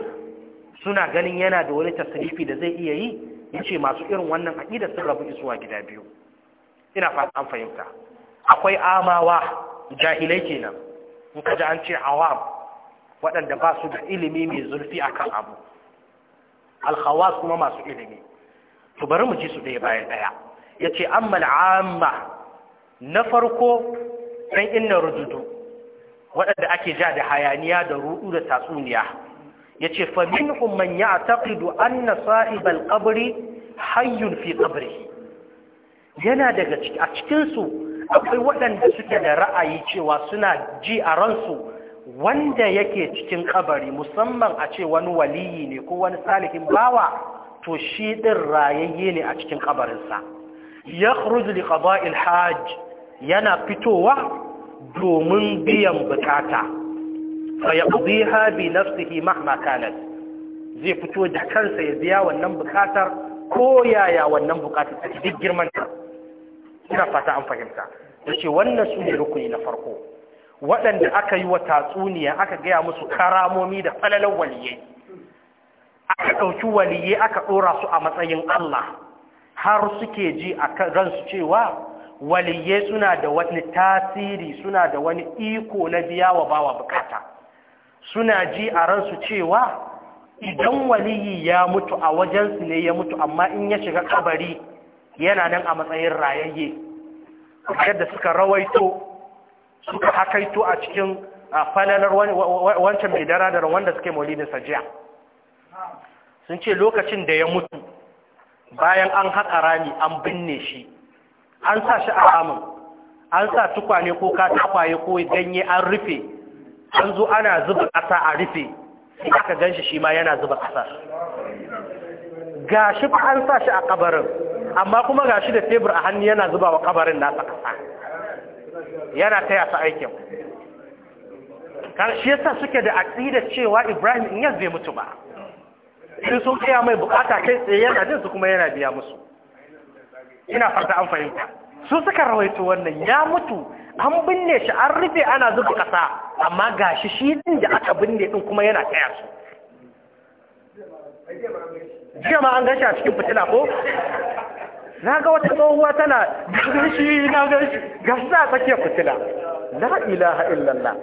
suna ganin yana da wani tasirifi da zai iya yi ya ce masu irin wannan aƙida sun rabu isuwa gida biyu ina fata an fahimta akwai amawa jahilai kenan in ka ji an ce awam waɗanda ba su da ilimi mai zurfi a kan abu alhawas kuma masu ilimi to bari mu ji su ɗaya bayan ɗaya ya ce amma mal'amma na farko ɗan inna rududu waɗanda ake ja da hayaniya da ruɗu da tatsuniya ya ce famin umman ya taƙidu an na sa'ibar ƙabri Hanyun fi ƙabri yana daga a cikinsu akwai waɗanda suke da ra'ayi cewa suna ji a ransu wanda yake cikin kabari musamman a ce wani waliyi ne ko wani salihin bawa to shi ɗin rayayye ne a cikin kabarinsa ya li qada'il hajj yana fitowa domin biyan bukata fa yaqdiha bi nafsihi mahma kanat zai fito da kansa ya biya wannan bukatar ko yaya wannan bukatar duk girman ta ina fata an fahimta Ya ce wannan su ne rukuni na farko waɗanda aka yi wa tatsuniya aka gaya musu karamomi da falalan waliyai aka ɗauki waliyai aka ɗora su a matsayin Allah har suke ji a ransu cewa waliyai suna da wani tasiri suna da wani iko na biya wa bawa bukata suna ji a ransu cewa idan waliyi ya mutu a wajensu ne ya mutu amma in ya shiga kabari yana nan a matsayin rayayye yadda suka rawaito suka hakaito a cikin falalar wancan mai daradar wanda suke maulidin sajiya sun ce lokacin da ya mutu bayan an haƙa rami an binne shi an sa shi a ramin an sa tukwane ko katakwaye ko ganye an rufe an zo ana zuba ƙasa a rufe sai aka gan shi shi ma yana zuba ƙasa ga shi an sa shi a ƙabarin amma kuma ga shi da tebur a hannu yana zuba wa kabarin nasa kasa yana ta yasa aikin karshe yasa suke da aqida cewa Ibrahim in yanzu bai mutu ba sai sun kaya mai bukata kai tsaye yana jin su kuma yana biya musu ina fata an fahimta su suka rawaito wannan ya mutu an binne shi an rufe ana zuba kasa amma gashi shi din da aka binne din kuma yana taya su jiya ma an gashi a cikin fitila ko na ga wata tsohuwa tana gashi na gashi gashi za a tsakiyar fitila la ilaha illallah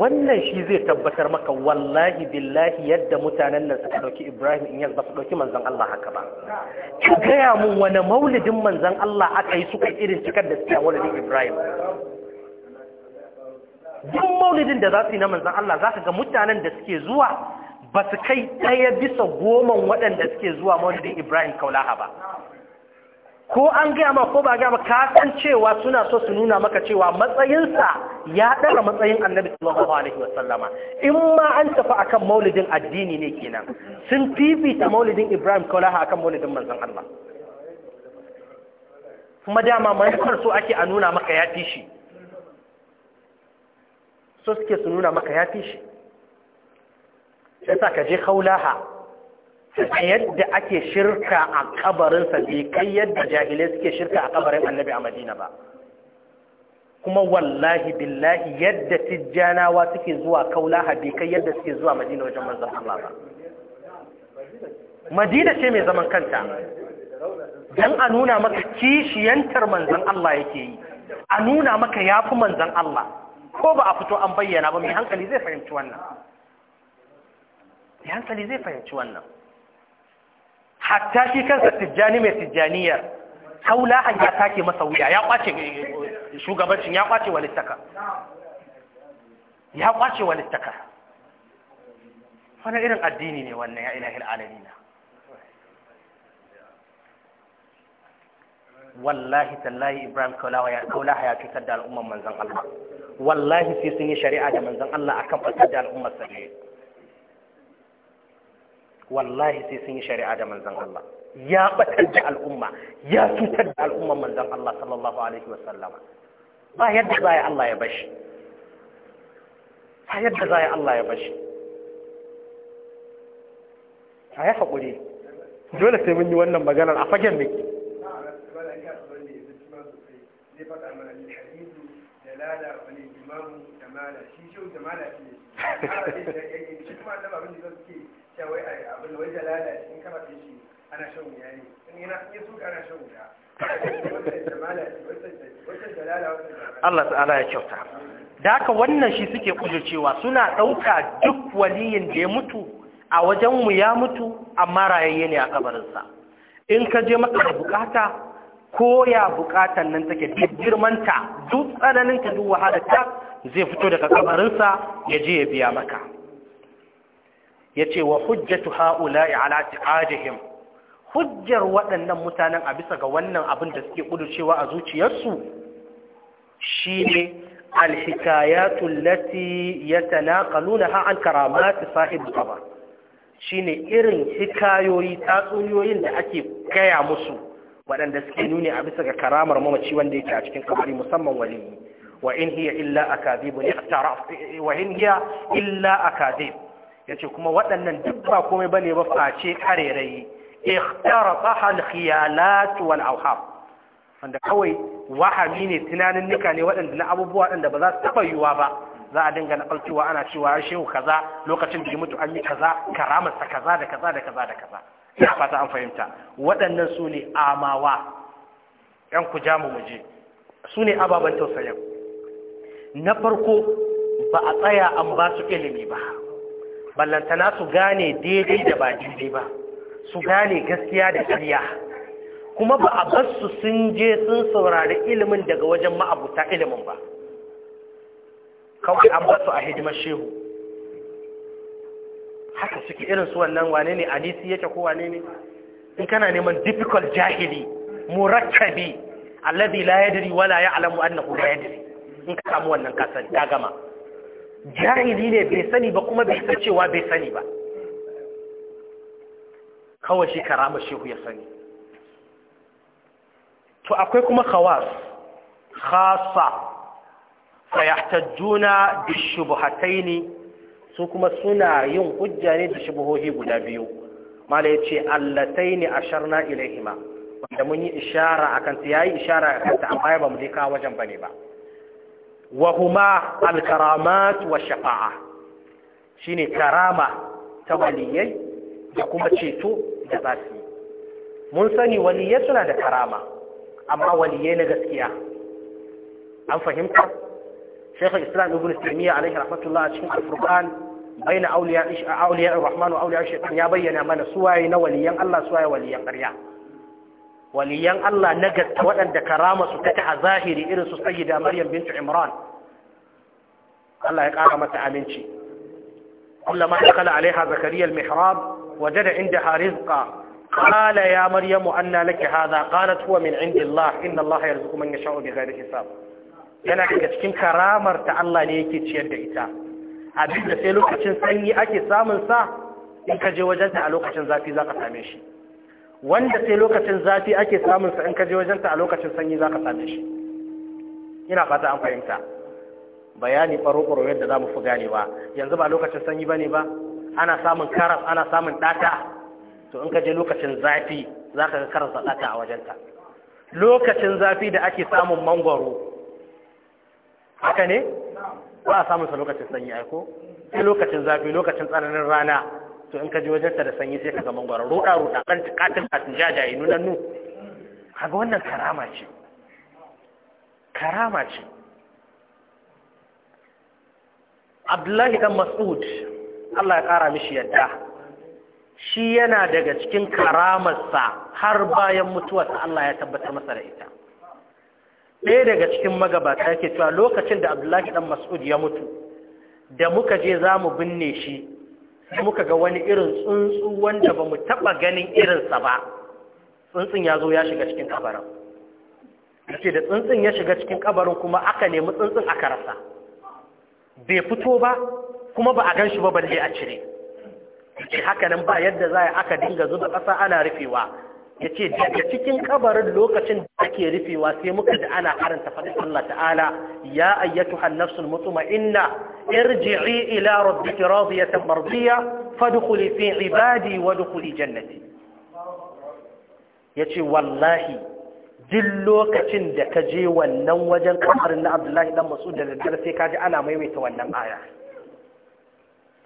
wannan shi zai tabbatar maka wallahi billahi yadda mutanen nan suka ɗauki Ibrahim in yanzu ba su ɗauki manzan Allah haka ba ki gaya mun wani maulidin manzan Allah aka yi suka irin cikar da suka wani Ibrahim duk maulidin da za su yi na manzan Allah za ka ga mutanen da suke zuwa ba su kai ɗaya bisa goma waɗanda suke zuwa maulidin Ibrahim Kaulaha ba. Ko an gaya ma ko ba gaya ma ka cewa suna so su nuna maka cewa matsayinsa ya ɗara matsayin annabi sallallahu alaihi wasallama in ma an tafi akan maulidin addini ne kenan sun fifita maulidin Ibrahim Kaulaha akan maulidin manzan Allah. Kuma dama manufar so ake a nuna maka ya fi shi. so suke su nuna maka ya fi shi sai sa ka je kaulaha a yadda ake shirka a kabarinsa bai kai yadda jahilai suke shirka a kabarin annabi a madina ba kuma wallahi billahi yadda tijjanawa suke zuwa kaulaha bai kai yadda suke zuwa madina wajen manzan Allah ba madina ce mai zaman kanta don a nuna maka kishiyantar manzan Allah yake yi a nuna maka ya fi manzan Allah ko ba a fito an bayyana ba mai hankali zai fahimci wannan mai hankali zai fahimci wannan hatta shi kansa tijjani mai tijjaniyar haula an ya take masa wuya ya kwace shugabancin ya kwace walittaka ya kwace walittaka wani irin addini ne wannan ya ilahil alamina wallahi tallahi ibrahim kaulaha ya cutar da al'umman manzan Allah wallahi sai sun yi shari'a da manzon Allah akan fatar da al'ummar sa wallahi sai sun yi shari'a da manzon Allah ya batar da al'umma ya cutar da al'ummar manzon Allah sallallahu alaihi wa sallama ba yadda za ya Allah ya bashi ba yadda za ya Allah ya bashi a ya haƙuri dole sai mun yi wannan maganar a fagen miki jalala wani imamu shi shi jamala cewa Allah ya kyauta da haka wannan shi suke kujircewa suna ɗauka duk waliyin da ya mutu a wajenmu ya mutu amma rayayye ne a kabarinsa in ka je maka da bukata koya bukatan nan take duk girmanta duk tsananin ta duk ta zai fito daga kabarinsa ya je ya biya maka ya ce wa hujjatu ha'ula'i ala ti'ajihim hujjar waɗannan mutanen a bisa ga wannan abin da suke ƙudurcewa a zuciyarsu shi ne alhikayatun lati ya tanaƙaluna ha'an karamati sahib ba shi ne irin hikayoyi tatsuniyoyin da ake gaya musu waɗanda suke nuni a bisa ga karamar mamaci wanda yake a cikin kabari musamman waliyi wa in hiya illa akadib wa in yace kuma waɗannan duk ba komai ne ba face karerai ikhtarafa al khiyalat wal awham wanda kawai wahabi ne tunanin nika ne waɗanda na abubuwa waɗanda ba za su taɓa yiwuwa ba za a dinga naƙalcewa ana cewa shehu kaza lokacin da ya mutu an yi kaza karamarsa kaza da kaza da kaza da kaza ina fata an fahimta waɗannan su ne amawa ‘yan ku ja mu muje su ne ababen tausayin na farko ba a tsaya an ba su ilimi ba ballantana su gane daidai da ba daidai ba su gane gaskiya da ƙarya kuma ba a bar su sun je sun saurari ilimin daga wajen ma'abuta ilimin ba kawai an basu a hidimar shehu haka suke irin su wannan wane ne anisi yake ko wane ne in kana neman difficult jahili murakkabi alladhi la yadri wala ya'lamu annahu la yadri in ka samu wannan kasan ta gama jahili ne bai sani ba kuma bai san cewa bai sani ba kawai shi karama shehu ya sani to akwai kuma khawas khassa fayahtajjuna bishubhataini su kuma suna yin hujja ne da shubuhohi guda biyu mala ya ce ne a sharna ilaihima wanda mun yi ishara kanta ya yi ishara a kanta, amma ba mu je kawo wajen bane ba wa huma alkaramat wa shafa'a ne karama ta waliyai da kuma ceto da za mun sani waliyai suna da karama amma waliyai na gaskiya an fahimta شيخ الإسلام ابن تيمية عليه رحمة الله cikin الفرقان بين أولياء أولياء الرحمن وأولياء الشيطان يا بينا من سواي وليان الله سواي وليان قريا وليان الله نجد وأن كرامة ستتح ظاهري إلى سيدة مريم بنت عمران الله يقال متى أمنشي كلما دخل عليها زكريا المحراب وجد عندها رزقا قال يا مريم أن لك هذا قالت هو من عند الله إن الله يرزق من يشاء بغير حساب yana daga cikin karamar ta Allah ne yake ciyar da ita abin da sai lokacin sanyi ake samun sa in ka je wajenta a lokacin zafi za ka same shi wanda sai lokacin zafi ake samun sa in ka je wajenta a lokacin sanyi za ka same shi ina fata an fahimta bayani ɓaro yadda za mu fi ba, yanzu ba lokacin sanyi ba ne ba ana samun karas ana samun ɗata to in ka je lokacin zafi za ka ga karas da ɗata a wajenta lokacin zafi da ake samun mangwaro haka ne ba a samun lokacin sanyi aiko sai lokacin zafi lokacin tsananin rana to in ka ji wajen da sanyi sai ka zama mangwaro roda roda kan katin katin jajaye nunan nu kaga wannan karama ce karama ce Abdullahi dan Mas'ud Allah ya kara mishi yadda shi yana daga cikin karamarsa har bayan mutuwarsa Allah ya tabbatar masa da ita ɗaya daga cikin magabata yake cewa lokacin da abdullahi ɗan mas'ud ya mutu da muka je za mu binne shi muka ga wani irin tsuntsu wanda ba mu taɓa ganin irinsa ba tsuntsun ya zo ya shiga cikin kabarin ce da tsuntsun ya shiga cikin kabarin kuma aka nemi tsuntsun aka rasa bai fito ba kuma ba a gan shi ba balle a cire ce haka nan ba yadda za a aka dinga zuba ƙasa ana rufewa ya ce daga cikin kabarin lokacin da ake rufewa sai muka da ana karanta faɗin Allah ta'ala ya ayyatu hannafsul mutuma'inna irji'i ila rabbiki radiyatan mardiya fadkhuli fi ibadi wadkhuli jannati yace wallahi duk lokacin da ka je wannan wajen kabarin na Abdullahi dan Mas'ud da daddare sai ka ana maimaita wannan aya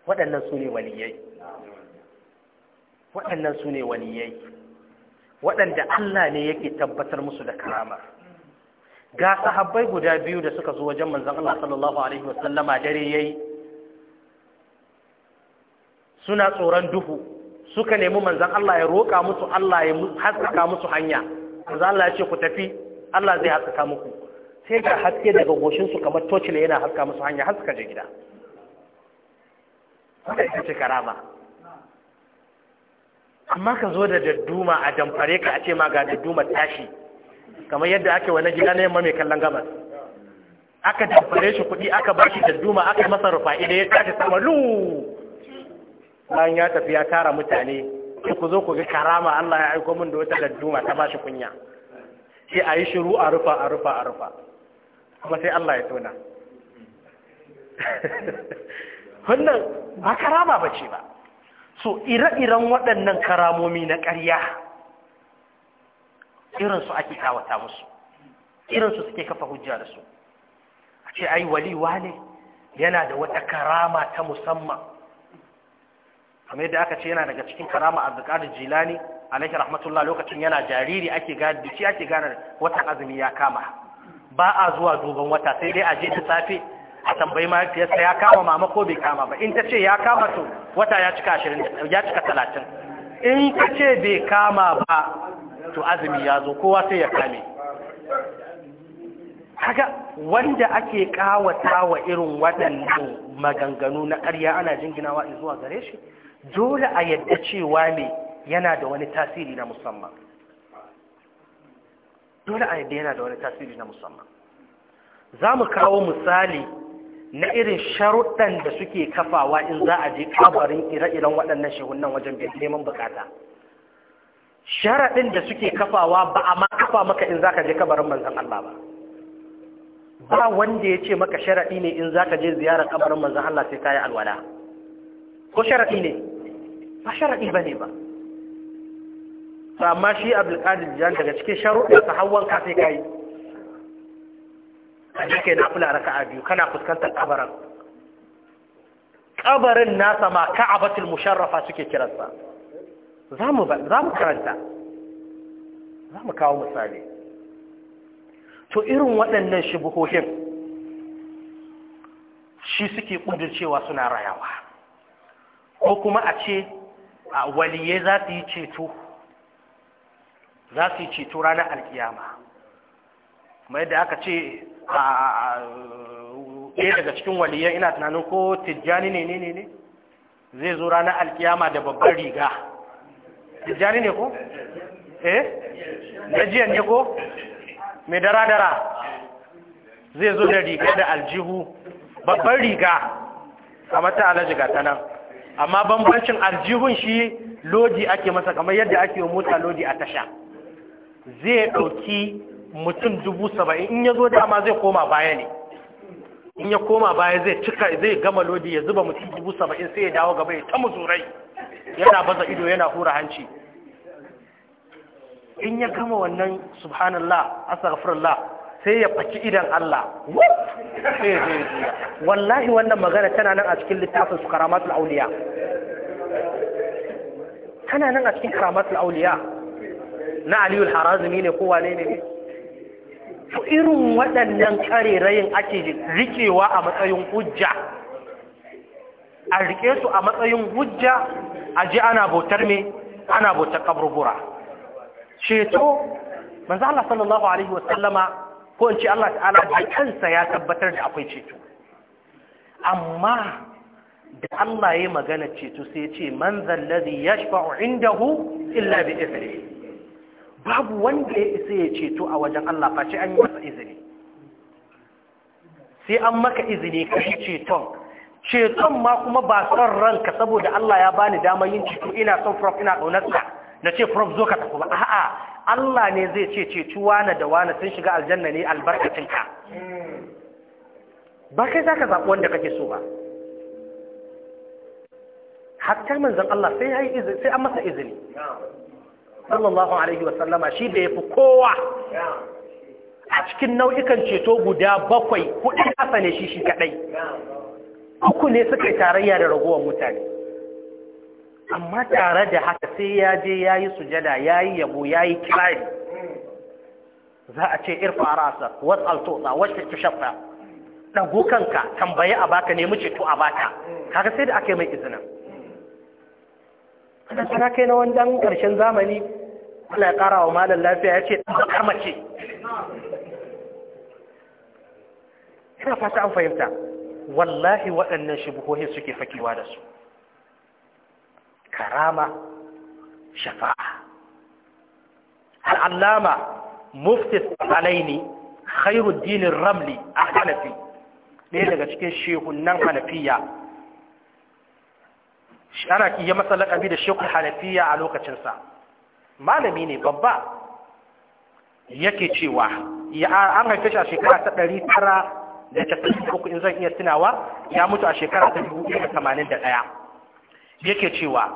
waɗannan su ne waliyai waɗannan su ne waliyai waɗanda Allah ne yake tabbatar musu da karamar ga sahabbai guda biyu da suka zo wajen manzan Allah sallallahu alaihi wasallama dare ya yi, suna tsoron duhu suka nemi manzan Allah ya roƙa musu Allah ya haskaka musu hanya manzan Allah ya ce ku tafi Allah zai haskaka muku sai ga haske daga goshinsu kamar tocin yana haska musu hanya haska je gida haka ita ce karama amma ka zo da dadduma a damfare ka a ce ma ga dadduma tashi kamar yadda ake wani gida na yamma mai kallon gabas aka damfare shi kuɗi aka ba shi dadduma aka yi masa rufa idan ya tashi sama lu bayan ya tafi ya tara mutane ku zo ku ga karama Allah ya aiko min da wata dadduma ta ba shi kunya sai a yi shiru a rufa a rufa a rufa kuma sai Allah ya tona wannan ba karama ba ba so ire-iren waɗannan karamomi na ƙarya irinsu ake kawata musu irinsu suke kafa hujja da su a ce ai waliwa ne yana da wata karama ta musamman kamar yadda aka ce yana daga cikin karama a abdulkadir jilani alaihi rahmatullah lokacin yana jariri ake shi ake gane watan azumi ya kama ba a zuwa duban wata sai dai a je ta safe a tambayi ma ya kama mama ko bai kama ba in ta ce ya kama to wata ya cika 20 ya cika talatin in ta ce bai kama ba to azumi ya zo kowa sai ya kame kaga wanda ake kawata wa irin waɗannan maganganu na ƙarya ana jinginawa zuwa gare shi dole a yadda cewa ne yana da wani tasiri na musamman dole a yadda yana da wani tasiri na musamman za mu kawo misali na irin sharuɗan da suke kafawa in za a je kabarin ire-iren waɗannan shehunan wajen neman bukata sharaɗin da suke kafawa ba a ma kafa maka in za ka je kabarin manzan Allah ba ba wanda ya ce maka sharaɗi ne in za ka je ziyarar kabarin manzan Allah sai ka yi alwala ko sharaɗi ne ba sharaɗi ba ne ba amma shi abdulkadir jan daga cikin sharuɗin sa hawan ka sai ka yi ka je kai raka a biyu kana fuskantar kabarin kabarin nasa ma ka'abatul musharrafa suke kiransa za mu karanta za mu kawo misali to irin waɗannan shubuhohin shi suke cewa suna rayawa ko kuma a ce a waliye za su yi ceto za su yi ceto ranar alkiyama mai da aka ce ɗaya daga cikin waliyan ina tunanin ko tijjani ne ne ne zai zo ranar alkiyama da babbar riga tijjani ne ko? eh? gajiyan ne ko? mai dara-dara zai zo da riga da aljihu Babbar riga a mata alajiga ta nan amma bambancin aljihun shi lodi ake masa kamar yadda ake mota lodi a tasha zai ɗauki mutum dubu saba'in in ya zo dama zai koma baya ne in ya koma baya zai cika zai gama lodi ya zuba mutum dubu saba'in sai ya dawo gaba ya ta muzurai yana baza ido yana hura hanci in ya gama wannan subhanallah astaghfirullah sai ya faci idan Allah sai ya wallahi wannan magana tana nan a cikin littafin su karamatul auliya tana nan a cikin karamatul auliya na Aliyu al-Harazimi ne kowa ne ne to irin waɗannan ƙarerayin ake rikewa a matsayin hujja a rike su a matsayin hujja a ji ana bautar me ana bautar kaburbura ceto manzo Allah sallallahu alaihi wasallama ko in ce Allah ta'ala da kansa ya tabbatar da akwai ceto amma da Allah ya magana ceto sai ya ce man zallazi yashfa'u indahu illa bi babu wanda ya isa ya ceto a wajen Allah face an yi masa izini sai an maka izini ka shi ceton ceton ma kuma ba son ranka saboda Allah ya bani damar yin ceto ina son prof ina ɗaunarsa na ce prof zo ka tafi ba a'a Allah ne zai ce ceto wane da wane sun shiga aljanna ne albarkacinka ba kai za ka zaɓi wanda kake so ba hatta manzan Allah sai an masa izini sallallahu alaihi wasallama shi da ya fi kowa a cikin nau'ikan ceto guda bakwai kuɗi kasa ne shi shi kaɗai uku ne suka yi tarayya da ragowar mutane amma tare da haka sai ya je ya yi sujada ya yi yabo ya yi kirari za a ce irfa rasa wasu altosa wasu tushafta ɗago kanka tambaye a baka nemi ceto a baka kaga sai da aka yi mai izinin ana sana kai na wani ɗan ƙarshen zamani Allah ya ƙara wa malar lafiya ya ce ɗan mace ina fata an fahimta wallahi waɗannan shubuhohin suke fakewa da su karama shafa'a al'allama muftis alaini khairuddinin ramli a hanafi ɗaya daga cikin shehunan hanafiya ana ya masa laƙabi da shekul hanafiya a lokacinsa malami ne babba yake cewa an haife shi a shekara ta ɗari in zan iya tunawa ya mutu a shekara ta dubu yake cewa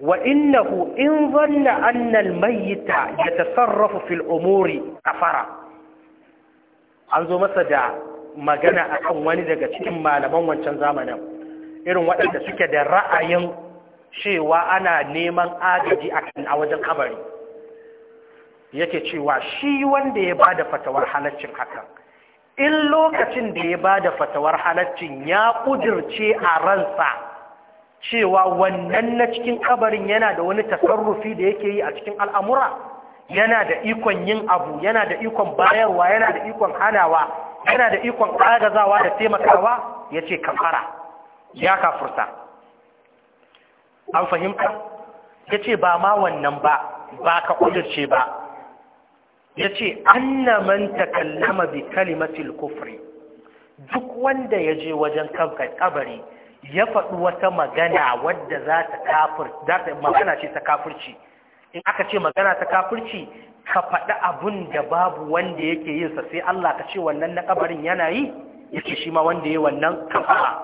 wa innahu in zanna annal mayyita yatasarrafu fil umuri kafara an zo masa da magana akan wani daga cikin malaman wancan zamanin irin waɗanda suke da ra'ayin cewa ana neman agaji a wajen kabari yake cewa shi wanda ya ba da fatawar halaccin hakan in lokacin da ya ba da fatawar halaccin ya ƙudurce a ransa cewa wannan na cikin kabarin yana da wani tasarrufi da yake yi a cikin al'amura yana da ikon yin abu yana da ikon bayarwa yana da ikon hanawa yana da ikon ƙagazawa da taimakawa ya ce kafara ya kafurta an fahimta ya ce ba ma wannan ba ba ka ƙudurce ba ya ce manta kallama bi kalimatil kufri duk wanda ya je wajen kabari ya faɗi wata magana wadda za ta kafir magana ce ta kafurci. in aka ce magana ta kafurci, ka faɗi abun da babu wanda yake yin sa sai Allah ka ce wannan na kabarin yana yi yake shi ma wanda ya wannan kafa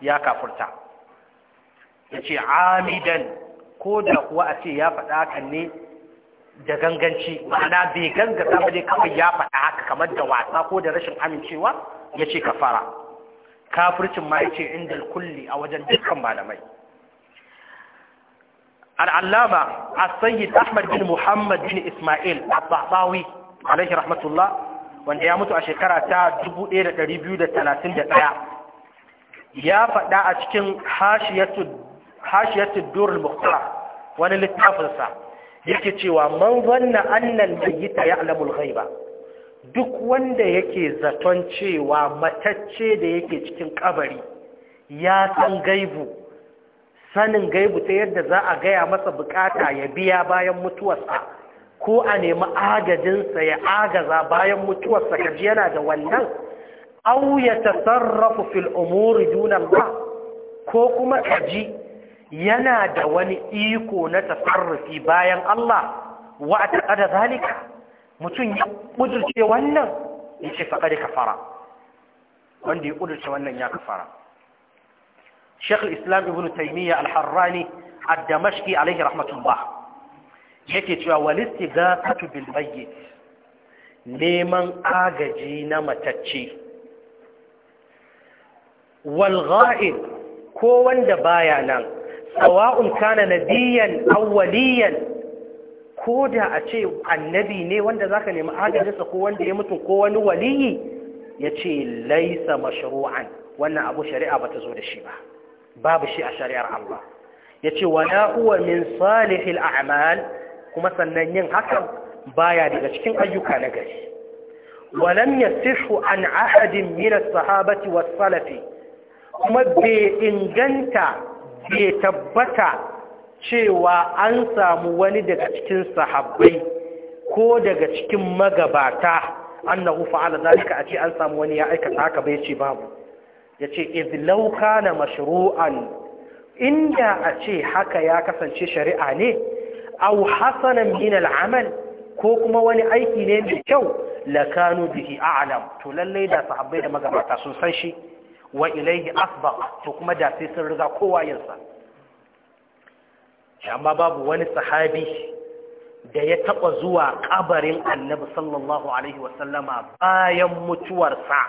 ya kafurta. ya ce amidan ko da kuwa a ce ya faɗa ka ne da ganganci ma'ana bai gangata ba ne kawai ya faɗa haka kamar da wasa ko da rashin amincewa ya ce kafara kafircin ma ya ce inda kulli a wajen dukkan malamai al'allama a sayyid ahmad bin muhammad bin ismail a tsasawi alaihi rahmatullah wanda ya mutu a shekara ta 1231 ya faɗa a cikin hashiyatu ad-dur al mukhtar wani littafin sa yake cewa man zanna annal mayyita ya'lamul ghaiba duk wanda yake zaton cewa matacce da yake cikin kabari ya san gaibu sanin gaibu ta yadda za a gaya masa bukata ya biya bayan mutuwarsa ko a nemi agajinsa ya agaza bayan mutuwarsa kaji yana da wannan au ya tasarrafu fil umuri dunan ba ko kuma kaji yana da wani iko na tasarrufi bayan Allah wa a taƙada zalika mutum ya ƙudurce wannan ya ce faƙari kafara wanda ya ƙudurce wannan ya kafara shekul islam ibn taimiyya al-harrani a damashki alaihi rahmatullah yake cewa walisti ga katu bilbayi neman agaji na matacce walga'in ko wanda baya nan sawa'un kana nabiyan awwaliyan ko da a ce annabi ne wanda zaka nemi agajinsa ko wanda ya mutu ko wani waliyi ya ce laisa mashru'an wannan abu shari'a bata zo da shi ba babu shi a shari'ar Allah ya ce wala huwa min salihil a'mal kuma sannan yin hakan baya daga cikin ayyuka na gari walam yasihu an ahadin min as-sahabati was-salafi kuma bai inganta Ke tabbata cewa an samu wani daga cikin sahabbai ko daga cikin magabata annahu fa'ala zalika a ce an samu wani ya aikata haka bai ce babu ya ce izlau kana mashru'an inda a ce haka ya kasance shari'a ne au hasanan min al'amal ko kuma wani aiki ne mai kyau lakanu bihi a'lam to lallai da sahabbai da magabata sun san shi wa ilaihi asbaq to kuma da sai sun riga kowa yansa. amma babu wani sahabi da ya taba zuwa kabarin annabi sallallahu alaihi wasallama bayan mutuwarsa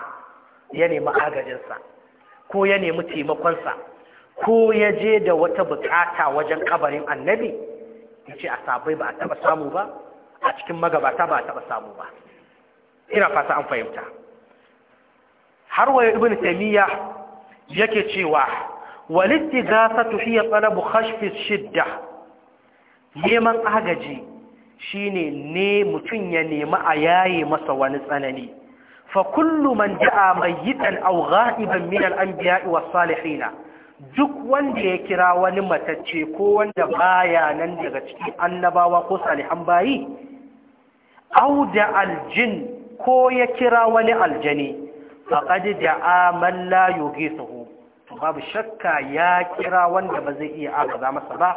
ya nemi agajinsa ko ya nemi taimakonsa ko ya je da wata bukata wajen kabarin annabi ya ce a sabai ba a taba samu ba a cikin magabata ba a taba samu ba ina fasa an fahimta har wa ibn taymiya yake cewa walittighasatu hiya talabu khashfi shidda neman agaji shine ne mutun ya nemi a yaye masa wani tsanani fa kullu man jaa mayitan aw ghaiban min al-anbiya'i was-salihin duk wanda ya kira wani matacce ko wanda baya nan daga ciki annabawa ko salihan bayi aw da aljin ko ya kira wani aljani faƙad da'a man la yughithu babu shakka ya kira wanda ba zai iya agaza masa ba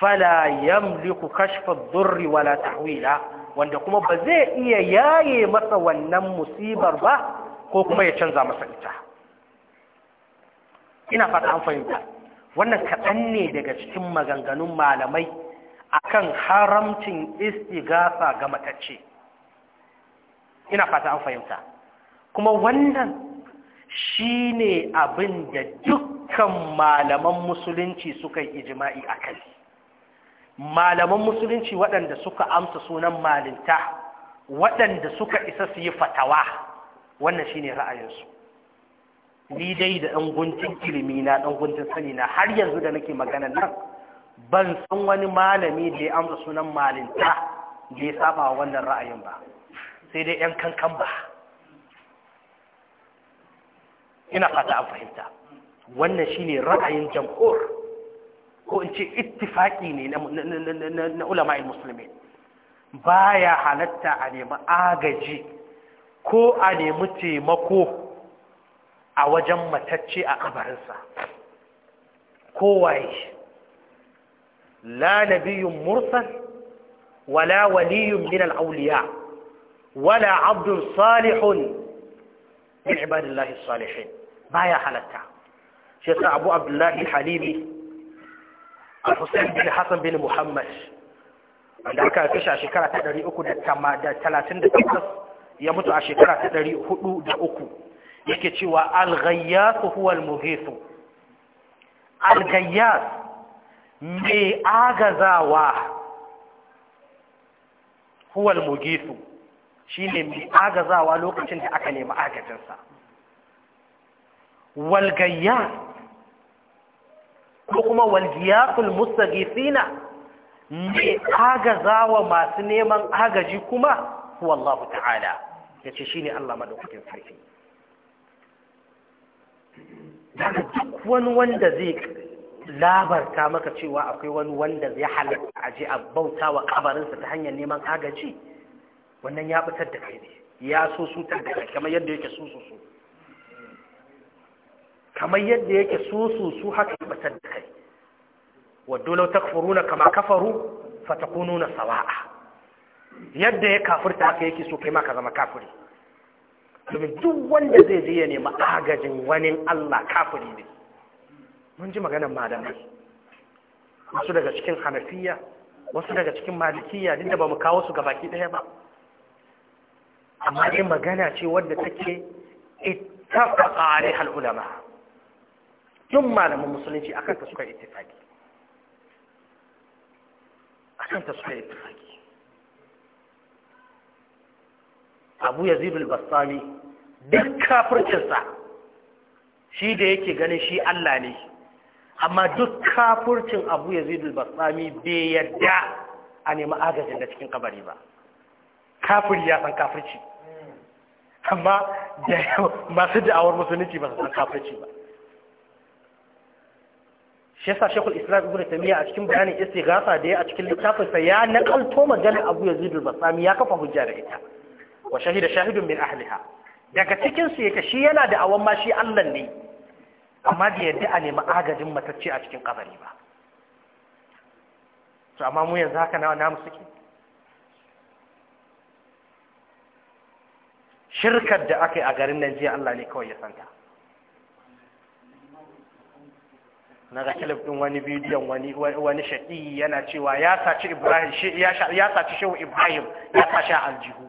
fala yamliku kashfa ad-durri wala tahwila wanda kuma ba zai iya yaye masa wannan musibar ba ko kuma ya canza masa ita ina fata an fahimta wannan kaɗan ne daga cikin maganganun malamai akan haramcin istigasa ga matacce ina fata an fahimta kuma wannan shi ne abin da dukkan malaman musulunci suka yi ijima'i a kai malaman musulunci waɗanda suka amsa sunan malinta waɗanda suka isa su yi fatawa wannan shi ne ra'ayinsu ni dai da ɗan guntun ilimi na ɗan guntun sani na har yanzu da nake maganar nan ban san wani malami da ya amsa sunan malinta da ya saba wannan ra'ayin ba sai dai 'yan kankan ba ina fata an fahimta wannan shine ra'ayin jamur ko in ce ittifaki ne na ulama'il musulmi baya halatta a nemi agaji ko a nemi taimako a wajen matacce a kabarinsa kowaye la nabiyun mursal wala waliyun min al wala abdul salihun min ibadillahi salihin baya halatta shi yasa abu abdullahi halimi al-husayn bin hasan bin muhammad wanda aka kashe a shekara ta takwas ya mutu a shekara ta 403 yake cewa al-ghayyas huwa al-mughith al-ghayyas mai agazawa huwa al-mughith shine mai agazawa lokacin da aka nemi agajinsa walgayya ko kuma walgiyakul mustaghifina ne agaza wa masu neman agaji kuma wallahu ta'ala yace shine Allah kuke sarki daga duk wani wanda zai labarta maka cewa akwai wani wanda zai halatta a ji a bauta wa kabarinsa ta hanyar neman agaji wannan ya fitar da kai ne ya so ta da kai kamar yadda yake so so su kamar yadda yake so su su haka batar da kai wadda lau takfuruna kama kafaru fatakununa sawa'a yadda ya kafirta haka yake so kai ma ka zama kafiri domin duk wanda zai je ya nemi agajin wani Allah kafuri ne mun ji maganar malamai wasu daga cikin hanafiya wasu daga cikin malikiya duk da ba mu kawo su ga baki ɗaya ba amma dai magana ce wadda take ittafaqa alaiha al-ulama duk malamin musulunci akan ta suka ittifaki akan ta suka ittifaki abu yazid al-bastami duk kafircinsa shi da yake ganin shi Allah ne amma duk kafircin abu yazid al-bastami bai yadda a nemi agajin da cikin kabari ba kafir ya san kafirci amma masu da'awar musulunci ba su san kafirci ba shi yasa shekul islam ibn tamiya a cikin bayanin istighatha da ya a cikin littafin sa ya nakalto magana abu yazid al-basami ya kafa hujja da ita wa shahida shahidun min ahliha daga cikin su yake shi yana da awan ma shi Allah ne amma da yadda a nemi agajin matacce a cikin kabari ba to amma mu yanzu haka nawa namu suke shirkar da aka yi a garin nan jiya Allah ne kawai ya santa na ga kilif din wani bidiyon wani wani shadi yana cewa ya saci ibrahim ya saci shehu ibrahim ya saci aljihu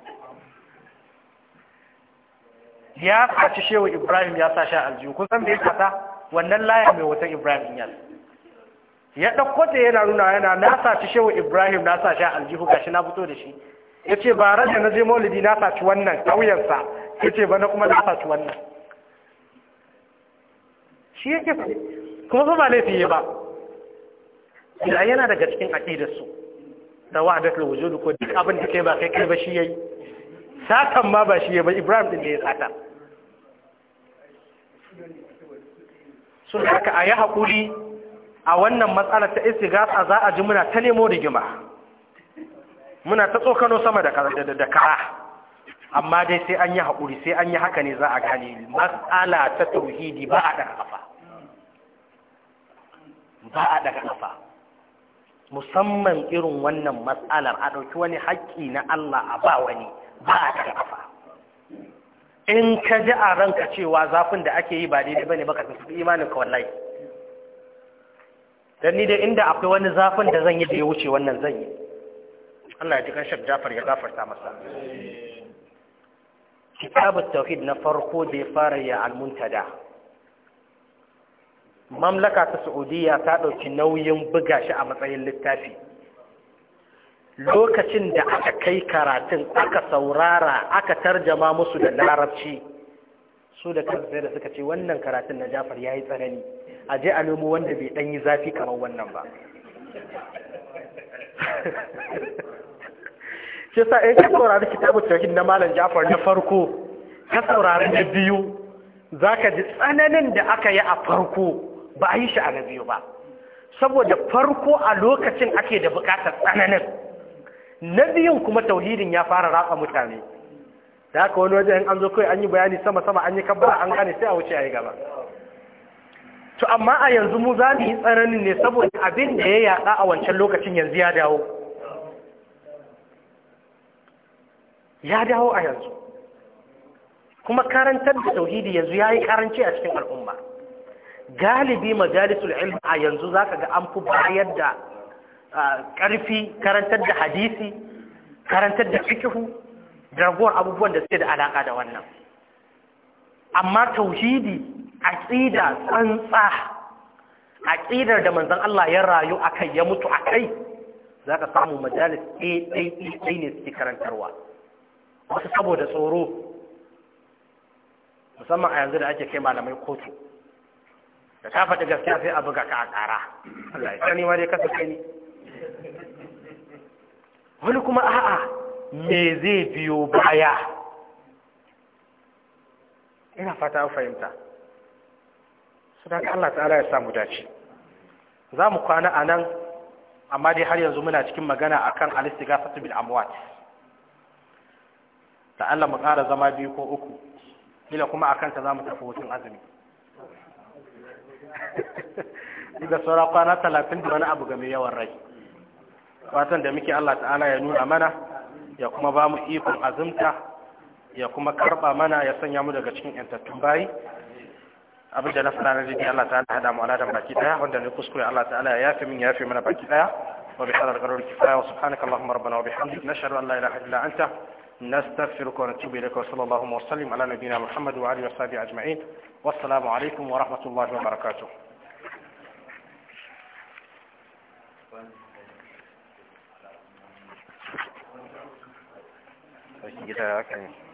ya saci shehu ibrahim ya saci aljihu kun san da yake ta wannan laya mai wata ibrahim yal ya dauko ta yana nuna yana na saci shehu ibrahim na saci aljihu gashi na fito da shi ya ce ba rada na je maulidi na saci wannan ƙauyensa sa ce ba na kuma na saci wannan shi yake kuma fa ba laifi ba da yana daga cikin aqidar su da wahdatul wujud ko duk abin da kai ba kai kai ba shi yayi sakan ma ba shi yayi ba Ibrahim din ne ya sata sun haka ayi hakuri a wannan matsalar ta istighatha za a ji muna ta nemo rigima muna ta tsokano sama da da kara amma dai sai an yi haƙuri sai an yi haka ne za a gane matsala ta tauhidi ba a ɗan kafa ba a daga ƙasa musamman irin wannan matsalar a ɗauki wani haƙƙi na Allah a ba wani ba a daga ƙasa in ka ji a ranka cewa zafin da ake yi ba daidai bane baka tafi imanin ka wallahi dan ni da inda akwai wani zafin da zan yi da ya wuce wannan zan yi Allah ya ji kan Jafar ya gafarta masa kitab at-tauhid na farko da ya fara ya al-muntada mamlaka ta saudiya ta ɗauki nauyin buga shi a matsayin littafi lokacin da aka kai karatun aka saurara aka tarjama musu da larabci su da kansu da suka ce wannan karatun na jafar ya yi tsanani a je a nemo wanda bai ɗan yi zafi kamar wannan ba shi sa in ka saurari kitabu tauhid na malam jafar na farko ka saurari na biyu za ka ji tsananin da aka yi a farko ba a yi shi a na biyu ba saboda farko a lokacin ake da bukatar tsananin na biyun kuma tauhidin ya fara rafa mutane da aka wani wajen an zo kawai an yi bayani sama-sama an yi kabbara an gane sai a wuce a yi gaba to amma a yanzu mu za mu yi tsananin ne saboda abin da ya yaɗa a wancan lokacin yanzu ya dawo ya dawo a yanzu kuma karantar da tauhidi yanzu ya yi karanci a cikin al'umma galibi majalisul ilm a yanzu za ka ga an fi bayar da ƙarfi karantar da hadisi karantar da fikihu da ragowar abubuwan da suke da alaƙa da wannan amma tauhidi aqida tsantsa aƙidar da manzon Allah ya rayu a akai ya mutu a kai, za ka samu majalis ɗaya ne suke karantarwa wasu saboda tsoro musamman a yanzu da ake kai malamai kotu da ta faɗi gaskiya sai a buga ka a tsara Allah ya sani ma dai kasa ni wani kuma a'a me zai biyo baya ina fata a fahimta su da Allah ta'ala ya samu dace za mu kwana a nan amma dai har yanzu muna cikin magana akan alistighafatu bil amwat ta Allah mu ƙara zama biyu ko uku kila kuma akan ta za mu tafi hutun azumi da saura kwana talatin da wani abu game mai yawan rai fatan da muke Allah ta'ala ya nuna mana ya kuma ba mu ikon azumta ya kuma karba mana ya sanya mu daga cikin yantattun bayi abin da na fara na jini Allah ta'ala hada mu aladan baki ɗaya. wanda ne kuskure Allah ta'ala ya yafe min ya yafe mana baki ɗaya. wa bi hadal garur kifaya wa subhanaka allahumma rabbana wa bihamdik nashhadu an la ilaha illa anta نستغفرك ونتوب إليك وصلى الله وسلم على نبينا محمد وعلى آله وصحبه أجمعين والسلام عليكم ورحمة الله وبركاته كده